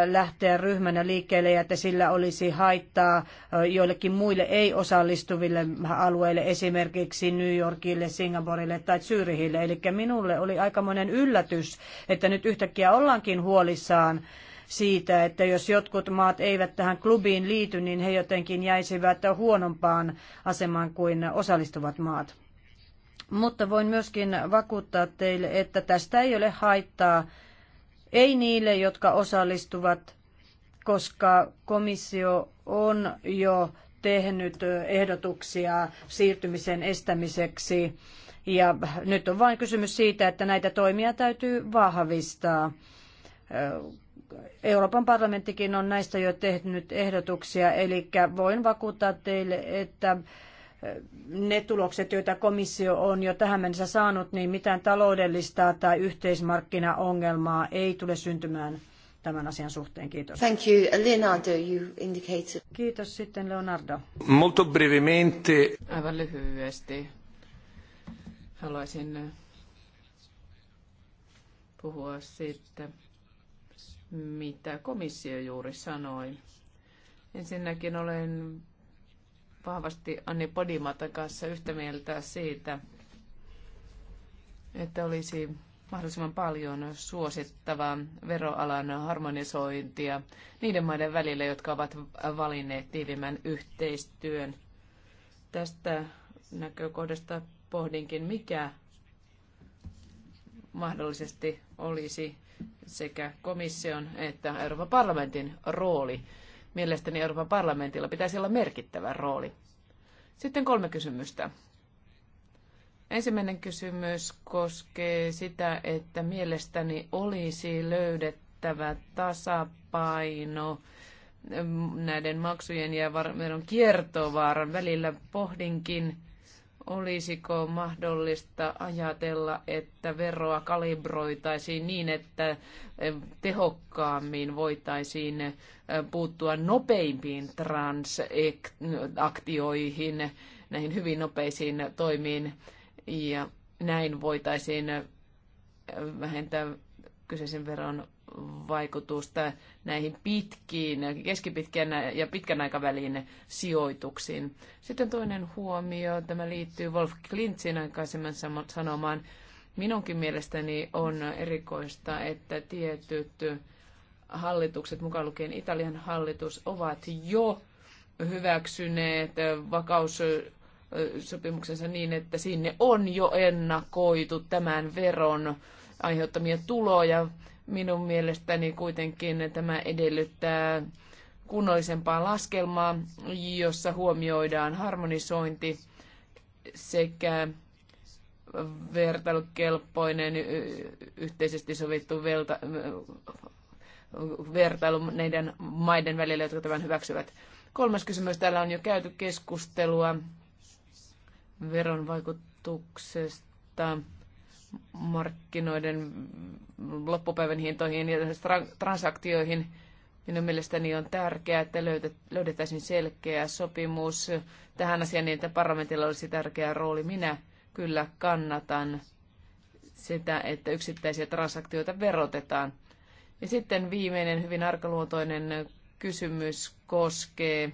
lähteä ryhmänä liikkeelle ja että sillä olisi haittaa joillekin muille ei-osallistuville alueille, esimerkiksi New Yorkille, Singaporelle tai Zyrihille. Eli minulle oli aikamoinen yllätys, että nyt yhtäkkiä ollaankin huolissaan siitä, että jos jotkut maat eivät tähän klubiin liity, niin he jotenkin jäisivät huonompaan asemaan kuin osallistuvat maat. Mutta voin myöskin vakuuttaa teille, että tästä ei ole haittaa ei niille, jotka osallistuvat, koska komissio on jo tehnyt ehdotuksia siirtymisen estämiseksi. Ja nyt on vain kysymys siitä, että näitä toimia täytyy vahvistaa. Euroopan parlamenttikin on näistä jo tehnyt ehdotuksia, eli voin vakuuttaa teille, että ne tulokset, joita komissio on jo tähän mennessä saanut, niin mitään taloudellista tai yhteismarkkinaongelmaa ei tule syntymään tämän asian suhteen. Kiitos. Thank you. Leonardo, you indicated. Kiitos sitten Leonardo. Molto brevemente. Aivan lyhyesti. Haluaisin puhua siitä, mitä komissio juuri sanoi. Ensinnäkin olen vahvasti Anni Podimata kanssa yhtä mieltä siitä, että olisi mahdollisimman paljon suosittavaa veroalan harmonisointia niiden maiden välillä, jotka ovat valinneet tiivimmän yhteistyön. Tästä näkökohdasta pohdinkin, mikä mahdollisesti olisi sekä komission että Euroopan parlamentin rooli. Mielestäni Euroopan parlamentilla pitäisi olla merkittävä rooli. Sitten kolme kysymystä. Ensimmäinen kysymys koskee sitä, että mielestäni olisi löydettävä tasapaino näiden maksujen ja veron kiertovaaran välillä. Pohdinkin, Olisiko mahdollista ajatella, että veroa kalibroitaisiin niin, että eh, tehokkaammin voitaisiin eh, puuttua nopeimpiin transaktioihin, näihin hyvin nopeisiin toimiin, ja näin voitaisiin eh, vähentää kyseisen veron vaikutusta näihin pitkiin, keskipitkän ja pitkän aikavälin sijoituksiin. Sitten toinen huomio, tämä liittyy Wolf Klintzin aikaisemman sanomaan. Minunkin mielestäni on erikoista, että tietyt hallitukset, mukaan lukien Italian hallitus, ovat jo hyväksyneet vakaus sopimuksensa niin, että sinne on jo ennakoitu tämän veron aiheuttamia tuloja Minun mielestäni kuitenkin tämä edellyttää kunnollisempaa laskelmaa, jossa huomioidaan harmonisointi sekä vertailukelpoinen yhteisesti sovittu velta, vertailu näiden maiden välillä, jotka tämän hyväksyvät. Kolmas kysymys. Täällä on jo käyty keskustelua veron vaikutuksesta markkinoiden loppupäivän hintoihin ja transaktioihin. Minun mielestäni on tärkeää, että löydettäisiin selkeä sopimus tähän asiaan niin, että parlamentilla olisi tärkeä rooli. Minä kyllä kannatan sitä, että yksittäisiä transaktioita verotetaan. Ja sitten viimeinen hyvin arkaluontoinen kysymys koskee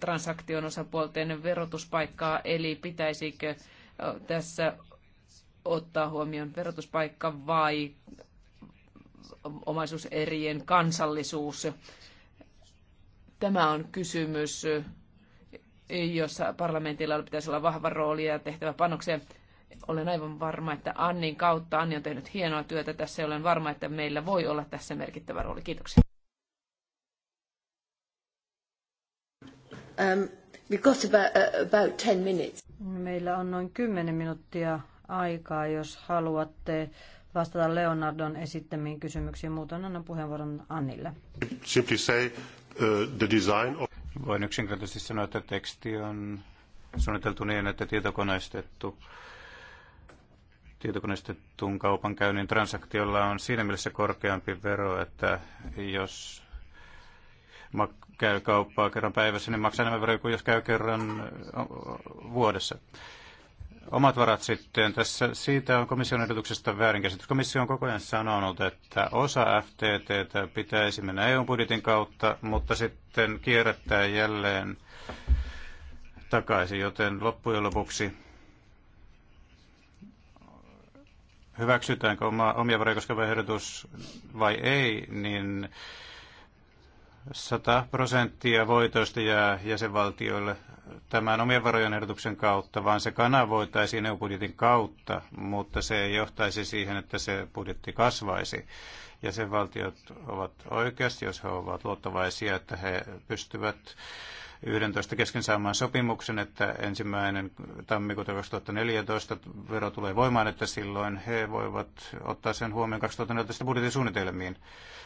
transaktion osapuolten verotuspaikkaa, eli pitäisikö tässä ottaa huomioon verotuspaikka vai omaisuuserien kansallisuus. Tämä on kysymys, jossa parlamentilla pitäisi olla vahva rooli ja tehtävä panoksia. Olen aivan varma, että Annin kautta, Anni on tehnyt hienoa työtä tässä, olen varma, että meillä voi olla tässä merkittävä rooli. Kiitoksia. Um, we've got about, uh, about 10 minutes. Meillä on noin 10 minuuttia aikaa, jos haluatte vastata Leonardon esittämiin kysymyksiin. Muuten annan puheenvuoron Annille. Simply say, uh, the design of... Voin yksinkertaisesti sanoa, että teksti on suunniteltu niin, että tietokoneistettu tietokoneistettuun kaupankäynnin transaktiolla on siinä mielessä korkeampi vero, että jos käy kauppaa kerran päivässä, niin maksaa enemmän veroja kuin jos käy kerran vuodessa. Omat varat sitten. Tässä siitä on komission ehdotuksesta väärinkäsitys. Komissio on koko ajan sanonut, että osa FTT pitäisi mennä EU-budjetin kautta, mutta sitten kierrättää jälleen takaisin, joten loppujen lopuksi hyväksytäänkö oma, omia varoja koskeva ehdotus vai ei, niin 100 prosenttia voitoista jää jäsenvaltioille tämän omien varojen ehdotuksen kautta, vaan se kanavoitaisiin EU-budjetin kautta, mutta se johtaisi siihen, että se budjetti kasvaisi. Jäsenvaltiot ovat oikeasti, jos he ovat luottavaisia, että he pystyvät 11 kesken saamaan sopimuksen, että ensimmäinen tammikuuta 2014 vero tulee voimaan, että silloin he voivat ottaa sen huomioon 2014 budjettisuunnitelmiin.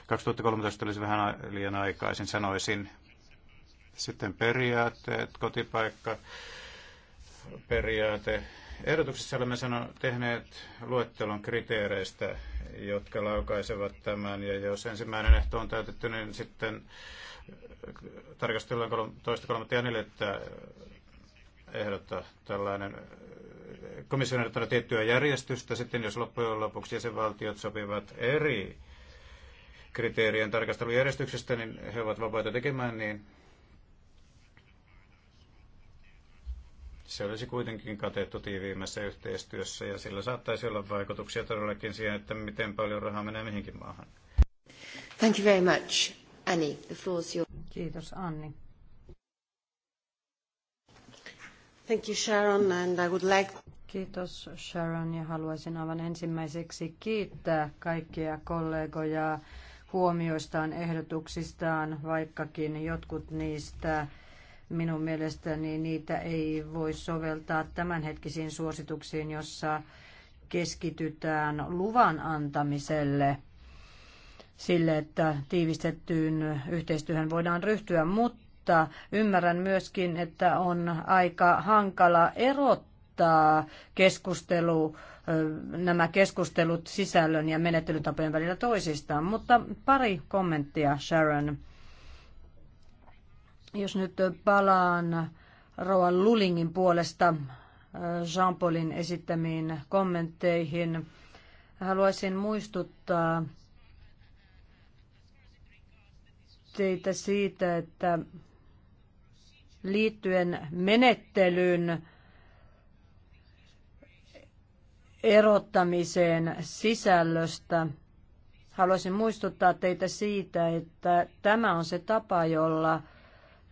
2013 olisi vähän liian aikaisin, sanoisin. Sitten periaatteet, kotipaikka, periaate. Ehdotuksessa olemme tehneet luettelon kriteereistä, jotka laukaisevat tämän, ja jos ensimmäinen ehto on täytetty, niin sitten tarkastellaan toista, kolmatta ja neljättä äh, ehdottaa tällainen äh, komission ehdottanut tiettyä järjestystä. Sitten jos loppujen lopuksi jäsenvaltiot sopivat eri kriteerien tarkastelujärjestyksestä, niin he ovat vapaita tekemään, niin se olisi kuitenkin katettu tiiviimmässä yhteistyössä ja sillä saattaisi olla vaikutuksia todellakin siihen, että miten paljon rahaa menee mihinkin maahan. Thank you very much. Annie, the floor is yours. Kiitos Anni. Thank you Sharon and I would like... Kiitos Sharon ja haluaisin aivan ensimmäiseksi kiittää kaikkia kollegoja huomioistaan, ehdotuksistaan, vaikkakin jotkut niistä minun mielestäni niitä ei voi soveltaa tämänhetkisiin suosituksiin, jossa keskitytään luvan antamiselle – sille, että tiivistettyyn yhteistyöhön voidaan ryhtyä, mutta ymmärrän myöskin, että on aika hankala erottaa keskustelu, nämä keskustelut sisällön ja menettelytapojen välillä toisistaan. Mutta pari kommenttia, Sharon. Jos nyt palaan Roan Lulingin puolesta Jean-Paulin esittämiin kommentteihin, haluaisin muistuttaa teitä siitä, että liittyen menettelyn erottamiseen sisällöstä, haluaisin muistuttaa teitä siitä, että tämä on se tapa, jolla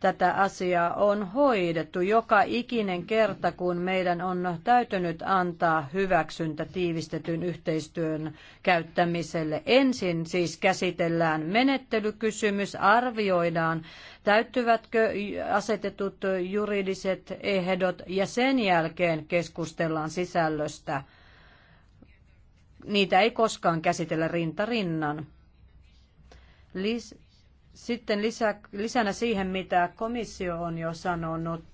tätä asiaa on hoidettu joka ikinen kerta, kun meidän on täytynyt antaa hyväksyntä tiivistetyn yhteistyön käyttämiselle. Ensin siis käsitellään menettelykysymys, arvioidaan täyttyvätkö asetetut juridiset ehdot ja sen jälkeen keskustellaan sisällöstä. Niitä ei koskaan käsitellä rinta rinnan. Lis- sitten lisä, lisänä siihen, mitä komissio on jo sanonut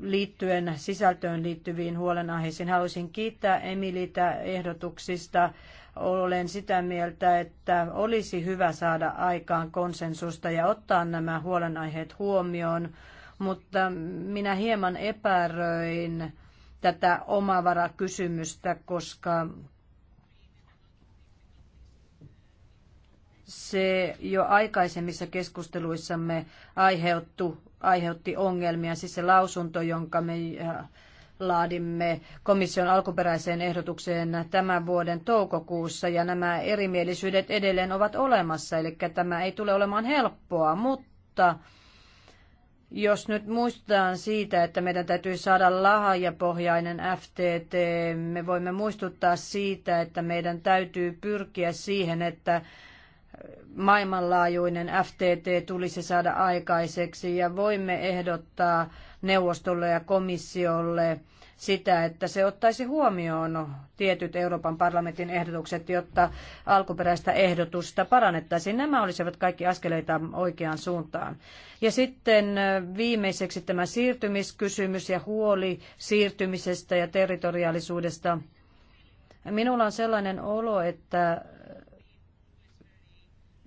liittyen sisältöön liittyviin huolenaiheisiin, haluaisin kiittää Emilitä ehdotuksista. Olen sitä mieltä, että olisi hyvä saada aikaan konsensusta ja ottaa nämä huolenaiheet huomioon, mutta minä hieman epäröin tätä omavarakysymystä, koska se jo aikaisemmissa keskusteluissamme aiheuttu, aiheutti ongelmia. Siis se lausunto, jonka me äh, laadimme komission alkuperäiseen ehdotukseen tämän vuoden toukokuussa ja nämä erimielisyydet edelleen ovat olemassa, eli tämä ei tule olemaan helppoa, mutta jos nyt muistetaan siitä, että meidän täytyy saada lahajapohjainen FTT, me voimme muistuttaa siitä, että meidän täytyy pyrkiä siihen, että maailmanlaajuinen FTT tulisi saada aikaiseksi ja voimme ehdottaa neuvostolle ja komissiolle sitä, että se ottaisi huomioon tietyt Euroopan parlamentin ehdotukset, jotta alkuperäistä ehdotusta parannettaisiin. Nämä olisivat kaikki askeleita oikeaan suuntaan. Ja sitten viimeiseksi tämä siirtymiskysymys ja huoli siirtymisestä ja territoriaalisuudesta. Minulla on sellainen olo, että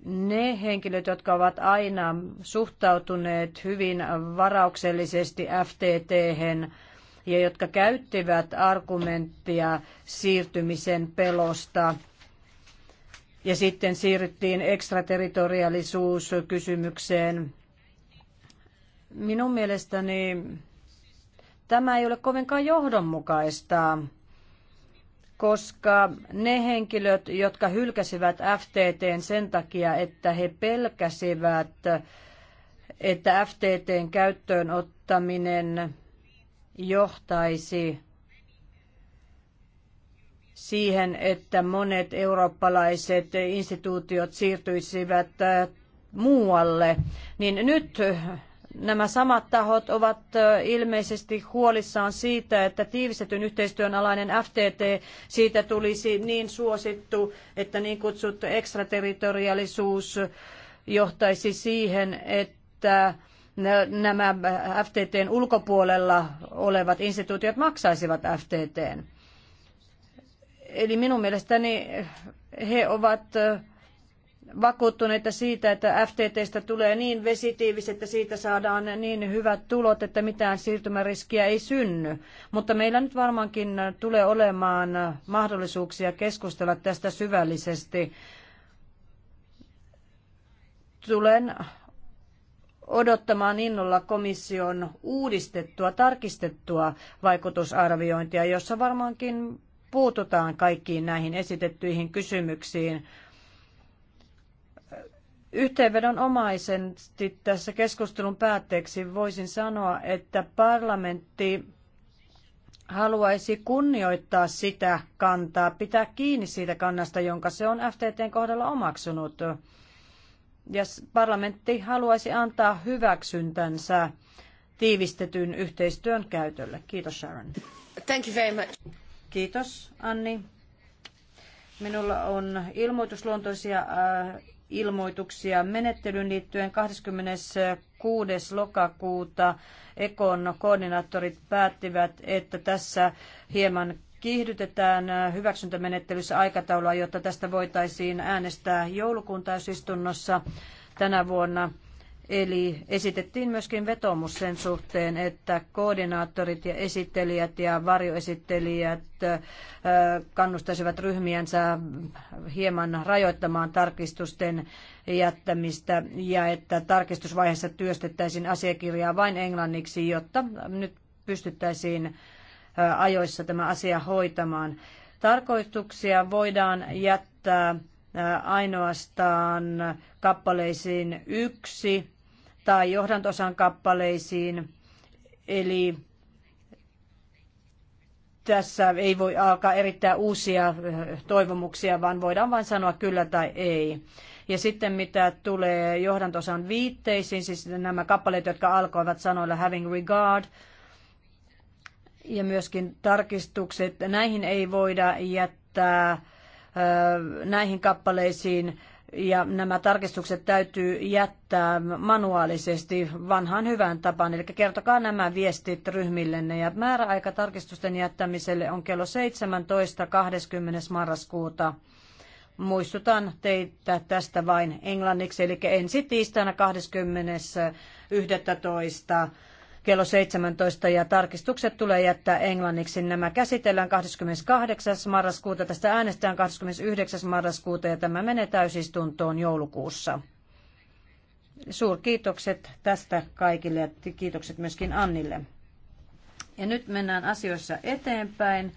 ne henkilöt, jotka ovat aina suhtautuneet hyvin varauksellisesti ftt ja jotka käyttivät argumenttia siirtymisen pelosta, ja sitten siirryttiin ekstraterritoriaalisuuskysymykseen. Minun mielestäni tämä ei ole kovinkaan johdonmukaista koska ne henkilöt, jotka hylkäsivät FTTn sen takia, että he pelkäsivät, että FTTn käyttöön ottaminen johtaisi siihen, että monet eurooppalaiset instituutiot siirtyisivät äh, muualle, niin nyt Nämä samat tahot ovat ilmeisesti huolissaan siitä, että tiivistetyn yhteistyön alainen FTT siitä tulisi niin suosittu, että niin kutsuttu ekstraterritoriaalisuus johtaisi siihen, että nämä FTTn ulkopuolella olevat instituutiot maksaisivat FTTn. Eli minun mielestäni he ovat vakuuttuneita siitä, että FTTstä tulee niin vesitiivis, että siitä saadaan niin hyvät tulot, että mitään siirtymäriskiä ei synny. Mutta meillä nyt varmaankin tulee olemaan mahdollisuuksia keskustella tästä syvällisesti. Tulen odottamaan innolla komission uudistettua, tarkistettua vaikutusarviointia, jossa varmaankin puututaan kaikkiin näihin esitettyihin kysymyksiin Yhteenvedonomaisesti tässä keskustelun päätteeksi voisin sanoa, että parlamentti haluaisi kunnioittaa sitä kantaa, pitää kiinni siitä kannasta, jonka se on FTTn kohdalla omaksunut. Ja parlamentti haluaisi antaa hyväksyntänsä tiivistetyn yhteistyön käytölle. Kiitos Sharon. Thank you very much. Kiitos Anni. Minulla on ilmoitusluontoisia äh, ilmoituksia menettelyyn liittyen 26. lokakuuta Ekon koordinaattorit päättivät, että tässä hieman kiihdytetään hyväksyntämenettelyssä aikataulua, jotta tästä voitaisiin äänestää joulukuun täysistunnossa tänä vuonna. Eli esitettiin myöskin vetomus sen suhteen, että koordinaattorit ja esittelijät ja varjoesittelijät kannustaisivat ryhmiänsä hieman rajoittamaan tarkistusten jättämistä ja että tarkistusvaiheessa työstettäisiin asiakirjaa vain englanniksi, jotta nyt pystyttäisiin ajoissa tämä asia hoitamaan. Tarkoituksia voidaan jättää ainoastaan kappaleisiin yksi tai johdantosan kappaleisiin. Eli tässä ei voi alkaa erittää uusia eh, toivomuksia, vaan voidaan vain sanoa kyllä tai ei. Ja sitten mitä tulee johdantosan viitteisiin, siis nämä kappaleet, jotka alkoivat sanoilla having regard, ja myöskin tarkistukset, näihin ei voida jättää eh, näihin kappaleisiin ja nämä tarkistukset täytyy jättää manuaalisesti vanhaan hyvään tapaan. Eli kertokaa nämä viestit ryhmillenne. Ja määräaika tarkistusten jättämiselle on kello 17.20. marraskuuta. Muistutan teitä tästä vain englanniksi, eli ensi tiistaina 20.11 kello 17 ja tarkistukset tulee jättää englanniksi. Nämä käsitellään 28. marraskuuta, tästä äänestetään 29. marraskuuta ja tämä menee täysistuntoon joulukuussa. Suurkiitokset tästä kaikille ja kiitokset myöskin Annille. Ja nyt mennään asioissa eteenpäin.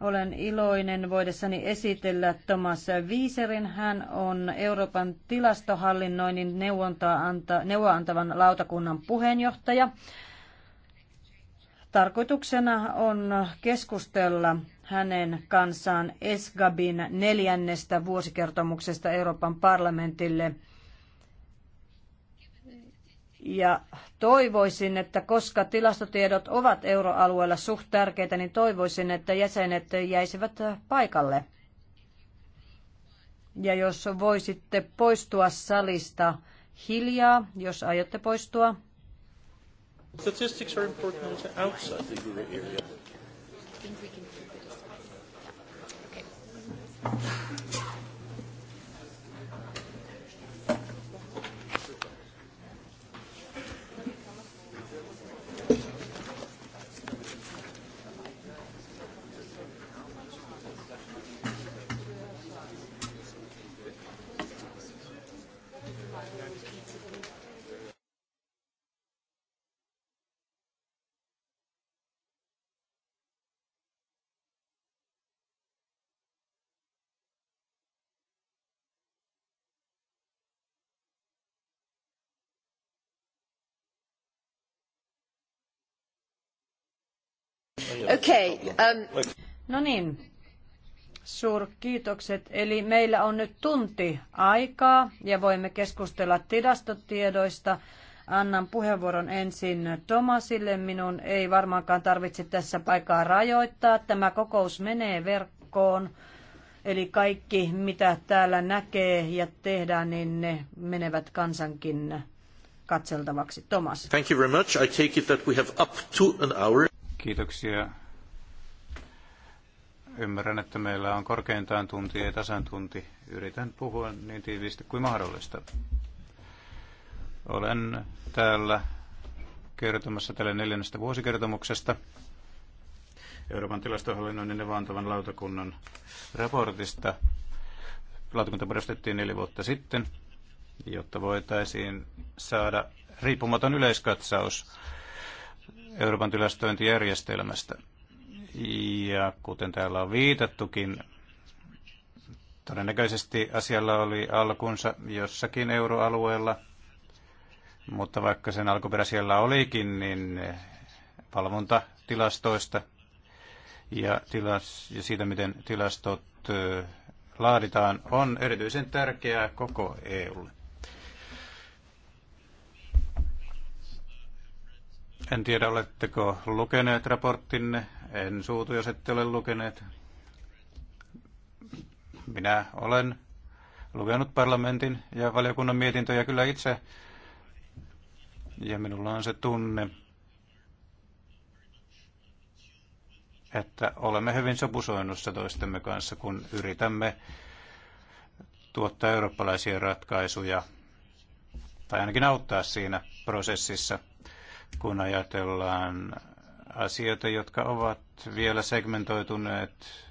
Olen iloinen voidessani esitellä Thomas Wieserin. Hän on Euroopan tilastohallinnoinnin neuvontaa anta, neuvoa antavan lautakunnan puheenjohtaja. Tarkoituksena on keskustella hänen kanssaan Esgabin neljännestä vuosikertomuksesta Euroopan parlamentille. Ja toivoisin, että koska tilastotiedot ovat euroalueella suht tärkeitä, niin toivoisin, että jäsenet jäisivät paikalle. Ja jos voisitte poistua salista hiljaa, jos aiotte poistua. Statistics are important also outside the euro area. I think we can keep it as well. Okay. Okay, um... No niin, suurkiitokset. Eli meillä on nyt tunti aikaa ja voimme keskustella tilastotiedoista. Annan puheenvuoron ensin Tomasille. Minun ei varmaankaan tarvitse tässä paikkaa rajoittaa. Tämä kokous menee verkkoon. Eli kaikki, mitä täällä näkee ja tehdään, niin ne menevät kansankin katseltavaksi. Thomas. Thank you very much. I take it that we have up to an hour. Kiitoksia. Ymmärrän, että meillä on korkeintaan tunti ja tasan tunti. Yritän puhua niin tiiviisti kuin mahdollista. Olen täällä kertomassa tälle neljännestä vuosikertomuksesta Euroopan tilastohallinnon ja Vantavan lautakunnan raportista. Lautakunta perustettiin neljä vuotta sitten, jotta voitaisiin saada riippumaton yleiskatsaus Euroopan tilastointijärjestelmästä. Ja kuten täällä on viitattukin, todennäköisesti asialla oli alkunsa jossakin euroalueella, mutta vaikka sen alkuperä siellä olikin, niin valvontatilastoista ja, tilas, ja siitä, miten tilastot laaditaan, on erityisen tärkeää koko EUlle. En tiedä, oletteko lukeneet raporttinne. En suutu, jos ette ole lukeneet. Minä olen lukenut parlamentin ja valiokunnan mietintöjä kyllä itse. Ja minulla on se tunne, että olemme hyvin sopusoinnussa toistemme kanssa, kun yritämme tuottaa eurooppalaisia ratkaisuja tai ainakin auttaa siinä prosessissa – kun ajatellaan asioita, jotka ovat vielä segmentoituneet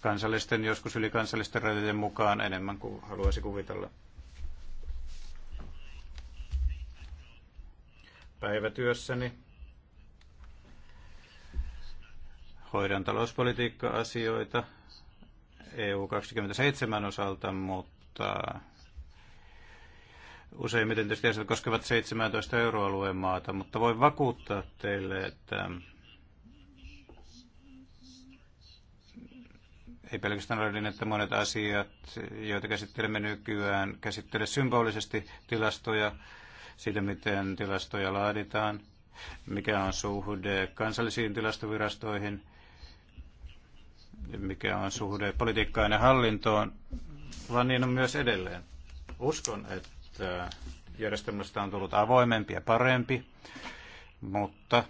kansallisten, joskus ylikansallisten rajojen mukaan enemmän kuin haluaisi kuvitella. Päivätyössäni hoidan talouspolitiikka-asioita EU 27 osalta, mutta Useimmiten tietysti asiat koskevat 17 euroalueen maata, mutta voin vakuuttaa teille, että ei pelkästään ole niin, että monet asiat, joita käsittelemme nykyään, käsittele symbolisesti tilastoja, siitä miten tilastoja laaditaan, mikä on suhde kansallisiin tilastovirastoihin, mikä on suhde politiikkaan ja hallintoon, vaan niin on myös edelleen. Uskon, että että järjestelmästä on tullut avoimempi ja parempi, mutta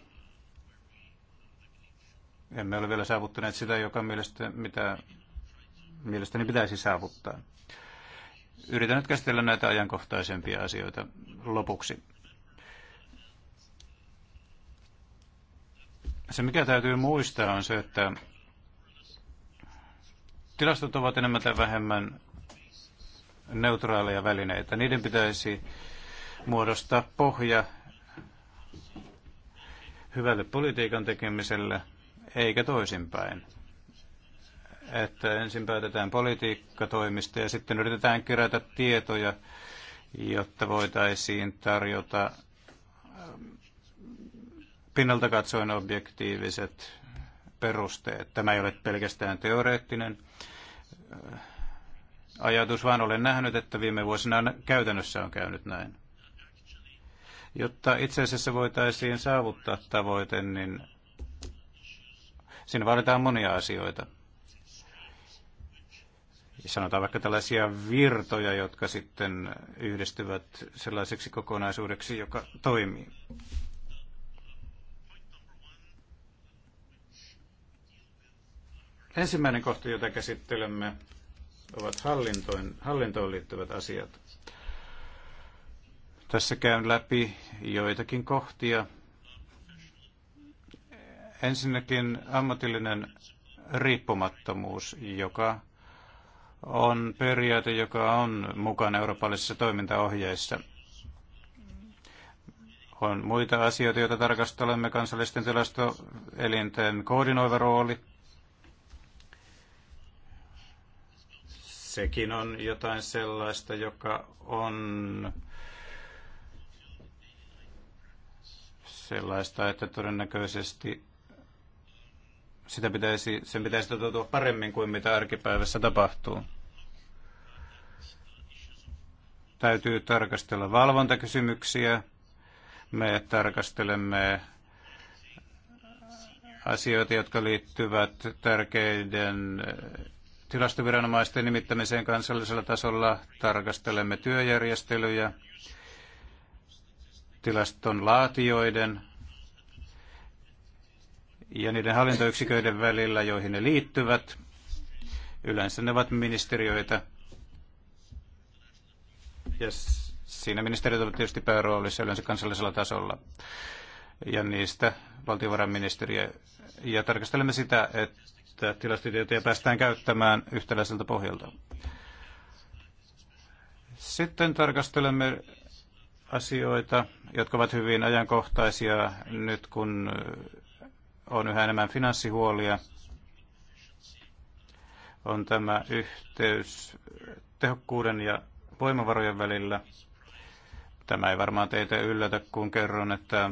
emme ole vielä saavuttaneet sitä, joka mielestä, mitä mielestäni pitäisi saavuttaa. Yritän nyt käsitellä näitä ajankohtaisempia asioita lopuksi. Se, mikä täytyy muistaa, on se, että tilastot ovat enemmän tai vähemmän neutraaleja välineitä. Niiden pitäisi muodostaa pohja hyvälle politiikan tekemiselle, eikä toisinpäin. Että ensin päätetään politiikkatoimista ja sitten yritetään kerätä tietoja, jotta voitaisiin tarjota ähm, pinnalta katsoen objektiiviset perusteet. Tämä ei ole pelkästään teoreettinen äh, ajatus, vaan olen nähnyt, että viime vuosina käytännössä on käynyt näin. Jotta itse asiassa voitaisiin saavuttaa tavoite, niin siinä vaaditaan monia asioita. Sanotaan vaikka tällaisia virtoja, jotka sitten yhdistyvät sellaiseksi kokonaisuudeksi, joka toimii. Ensimmäinen kohta, jota käsittelemme, ovat hallintoon, hallintoon liittyvät asiat. Tässä käyn läpi joitakin kohtia. Ensinnäkin ammatillinen riippumattomuus, joka on periaate, joka on mukana eurooppalaisissa toimintaohjeissa. On muita asioita, joita tarkastelemme kansallisten tilastoelinten koordinoiva rooli – sekin on jotain sellaista, joka on sellaista, että todennäköisesti sitä pitäisi, sen pitäisi toteutua paremmin kuin mitä arkipäivässä tapahtuu. Täytyy tarkastella valvontakysymyksiä. Me tarkastelemme asioita, jotka liittyvät tärkeiden tilastoviranomaisten nimittämiseen kansallisella tasolla. Tarkastelemme työjärjestelyjä tilaston laatijoiden ja niiden hallintoyksiköiden välillä, joihin ne liittyvät. Yleensä ne ovat ministeriöitä. Ja siinä ministeriöt ovat tietysti pääroolissa yleensä kansallisella tasolla. Ja niistä valtiovarainministeriö. Ja tarkastelemme sitä, että että tilastotietoja päästään käyttämään yhtäläiseltä pohjalta. Sitten tarkastelemme asioita, jotka ovat hyvin ajankohtaisia nyt, kun on yhä enemmän finanssihuolia. On tämä yhteys tehokkuuden ja voimavarojen välillä. Tämä ei varmaan teitä yllätä, kun kerron, että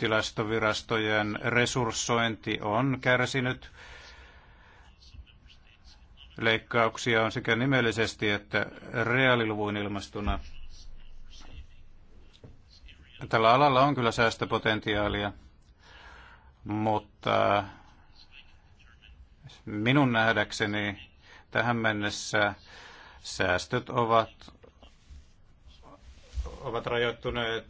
tilastovirastojen resurssointi on kärsinyt. Leikkauksia on sekä nimellisesti että reaaliluvuin ilmastuna. Tällä alalla on kyllä säästöpotentiaalia, mutta minun nähdäkseni tähän mennessä säästöt ovat, ovat rajoittuneet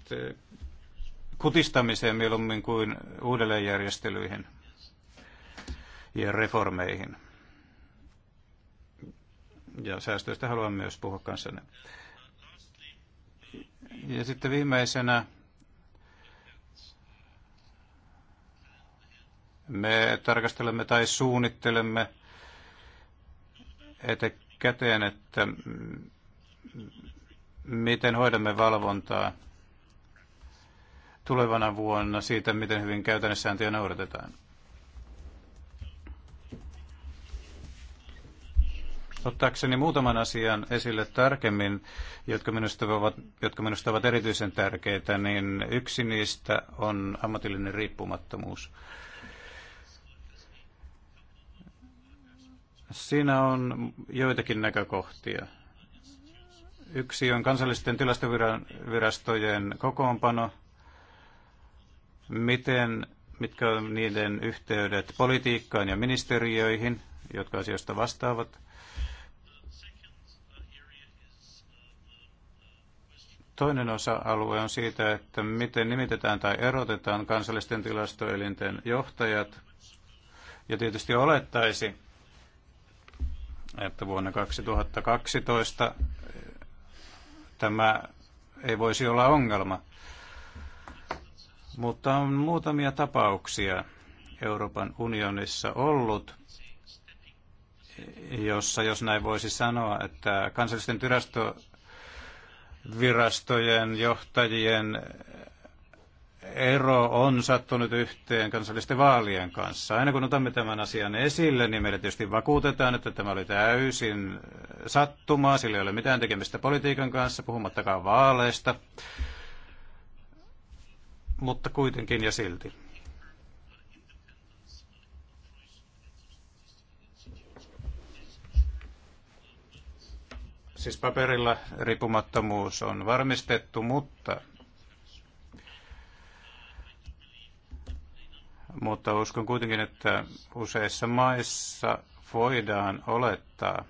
kutistamiseen mieluummin kuin uudelleenjärjestelyihin ja reformeihin. Ja säästöistä haluan myös puhua kanssanne. Ja sitten viimeisenä me tarkastelemme tai suunnittelemme etekäteen, että miten hoidamme valvontaa tulevana vuonna siitä, miten hyvin käytännössääntöjä noudatetaan. Ottaakseni muutaman asian esille tarkemmin, jotka minusta ovat, jotka minusta ovat erityisen tärkeitä, niin yksi niistä on ammatillinen riippumattomuus. Siinä on joitakin näkökohtia. Yksi on kansallisten tilastovirastojen kokoonpano, miten, mitkä ovat niiden yhteydet politiikkaan ja ministeriöihin, jotka asiasta vastaavat. Toinen osa-alue on siitä, että miten nimitetään tai erotetaan kansallisten tilastoelinten johtajat. Ja tietysti olettaisi, että vuonna 2012 tämä ei voisi olla ongelma mutta on muutamia tapauksia Euroopan unionissa ollut, jossa, jos näin voisi sanoa, että kansallisten virastojen johtajien ero on sattunut yhteen kansallisten vaalien kanssa. Aina kun otamme tämän asian esille, niin meille tietysti vakuutetaan, että tämä oli täysin sattumaa, sillä ei ole mitään tekemistä politiikan kanssa, puhumattakaan vaaleista mutta kuitenkin ja silti. Siis paperilla riippumattomuus on varmistettu, mutta, mutta uskon kuitenkin, että useissa maissa voidaan olettaa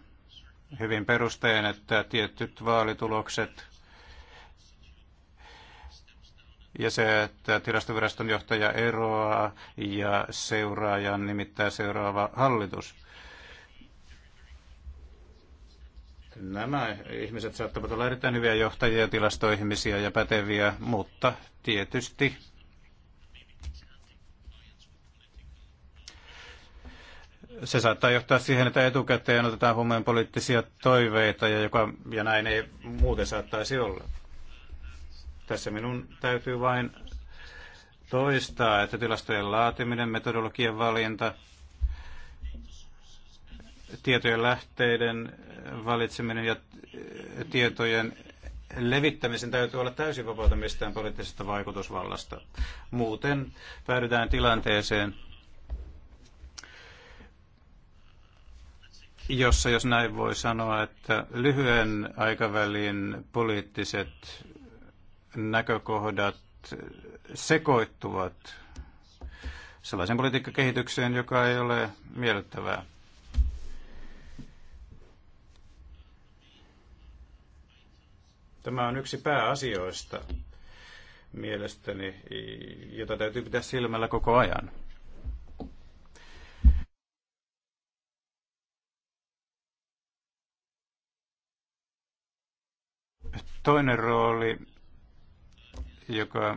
hyvin perustein, että tietyt vaalitulokset ja se, että tilastoviraston johtaja eroaa ja seuraajan nimittää seuraava hallitus. Nämä ihmiset saattavat olla erittäin hyviä johtajia, tilastoihmisiä ja päteviä, mutta tietysti se saattaa johtaa siihen, että etukäteen otetaan huomioon poliittisia toiveita ja, joka, ja näin ei muuten saattaisi olla. Tässä minun täytyy vain toistaa, että tilastojen laatiminen, metodologian valinta, tietojen lähteiden valitseminen ja tietojen levittämisen täytyy olla täysin vapaata mistään poliittisesta vaikutusvallasta. Muuten päädytään tilanteeseen, jossa, jos näin voi sanoa, että lyhyen aikavälin poliittiset näkökohdat sekoittuvat sellaisen politiikkakehitykseen, joka ei ole miellyttävää. Tämä on yksi pääasioista mielestäni, jota täytyy pitää silmällä koko ajan. Toinen rooli joka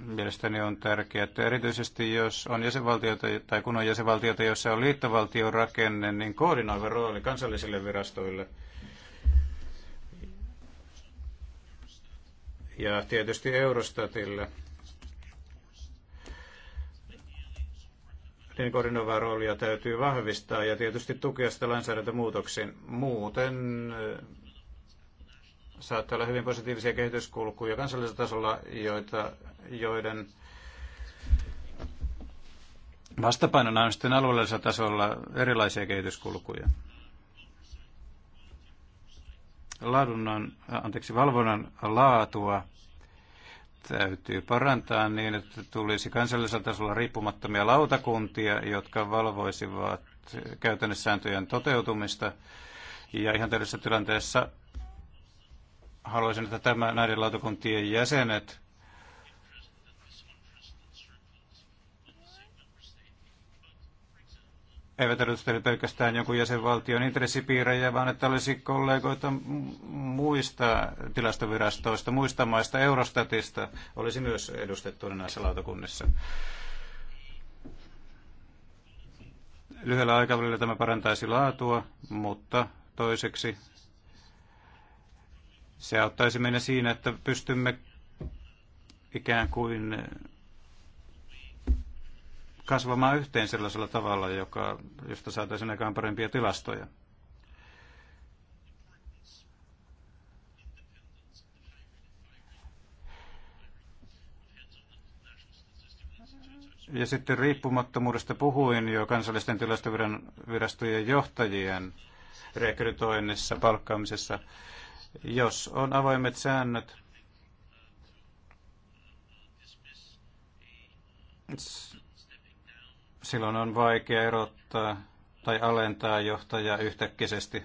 mielestäni on tärkeää, että erityisesti jos on jäsenvaltioita tai kun on jäsenvaltioita, joissa on rakenne, niin koordinoiva rooli kansallisille virastoille. Ja tietysti Eurostatille. Niin koordinoivaa roolia täytyy vahvistaa ja tietysti tukea sitä lainsäädäntömuutoksin. Muuten saattaa olla hyvin positiivisia kehityskulkuja kansallisella tasolla, joita, joiden vastapainona on sitten alueellisella tasolla erilaisia kehityskulkuja. Laadunnan, anteeksi, valvonnan laatua täytyy parantaa niin, että tulisi kansallisella tasolla riippumattomia lautakuntia, jotka valvoisivat käytännössääntöjen toteutumista. Ja ihan tällaisessa tilanteessa haluaisin, että tämä, näiden lautakuntien jäsenet eivät edustele pelkästään jonkun jäsenvaltion intressipiirejä, vaan että olisi kollegoita muista tilastovirastoista, muista maista, Eurostatista, olisi myös edustettu näissä lautakunnissa. Lyhyellä aikavälillä tämä parantaisi laatua, mutta toiseksi se auttaisi meidän siinä, että pystymme ikään kuin kasvamaan yhteen sellaisella tavalla, joka, josta saataisiin aikaan parempia tilastoja. Ja sitten riippumattomuudesta puhuin jo kansallisten tilastovirastojen johtajien rekrytoinnissa, palkkaamisessa. Jos on avoimet säännöt, silloin on vaikea erottaa tai alentaa johtajaa yhtäkkisesti.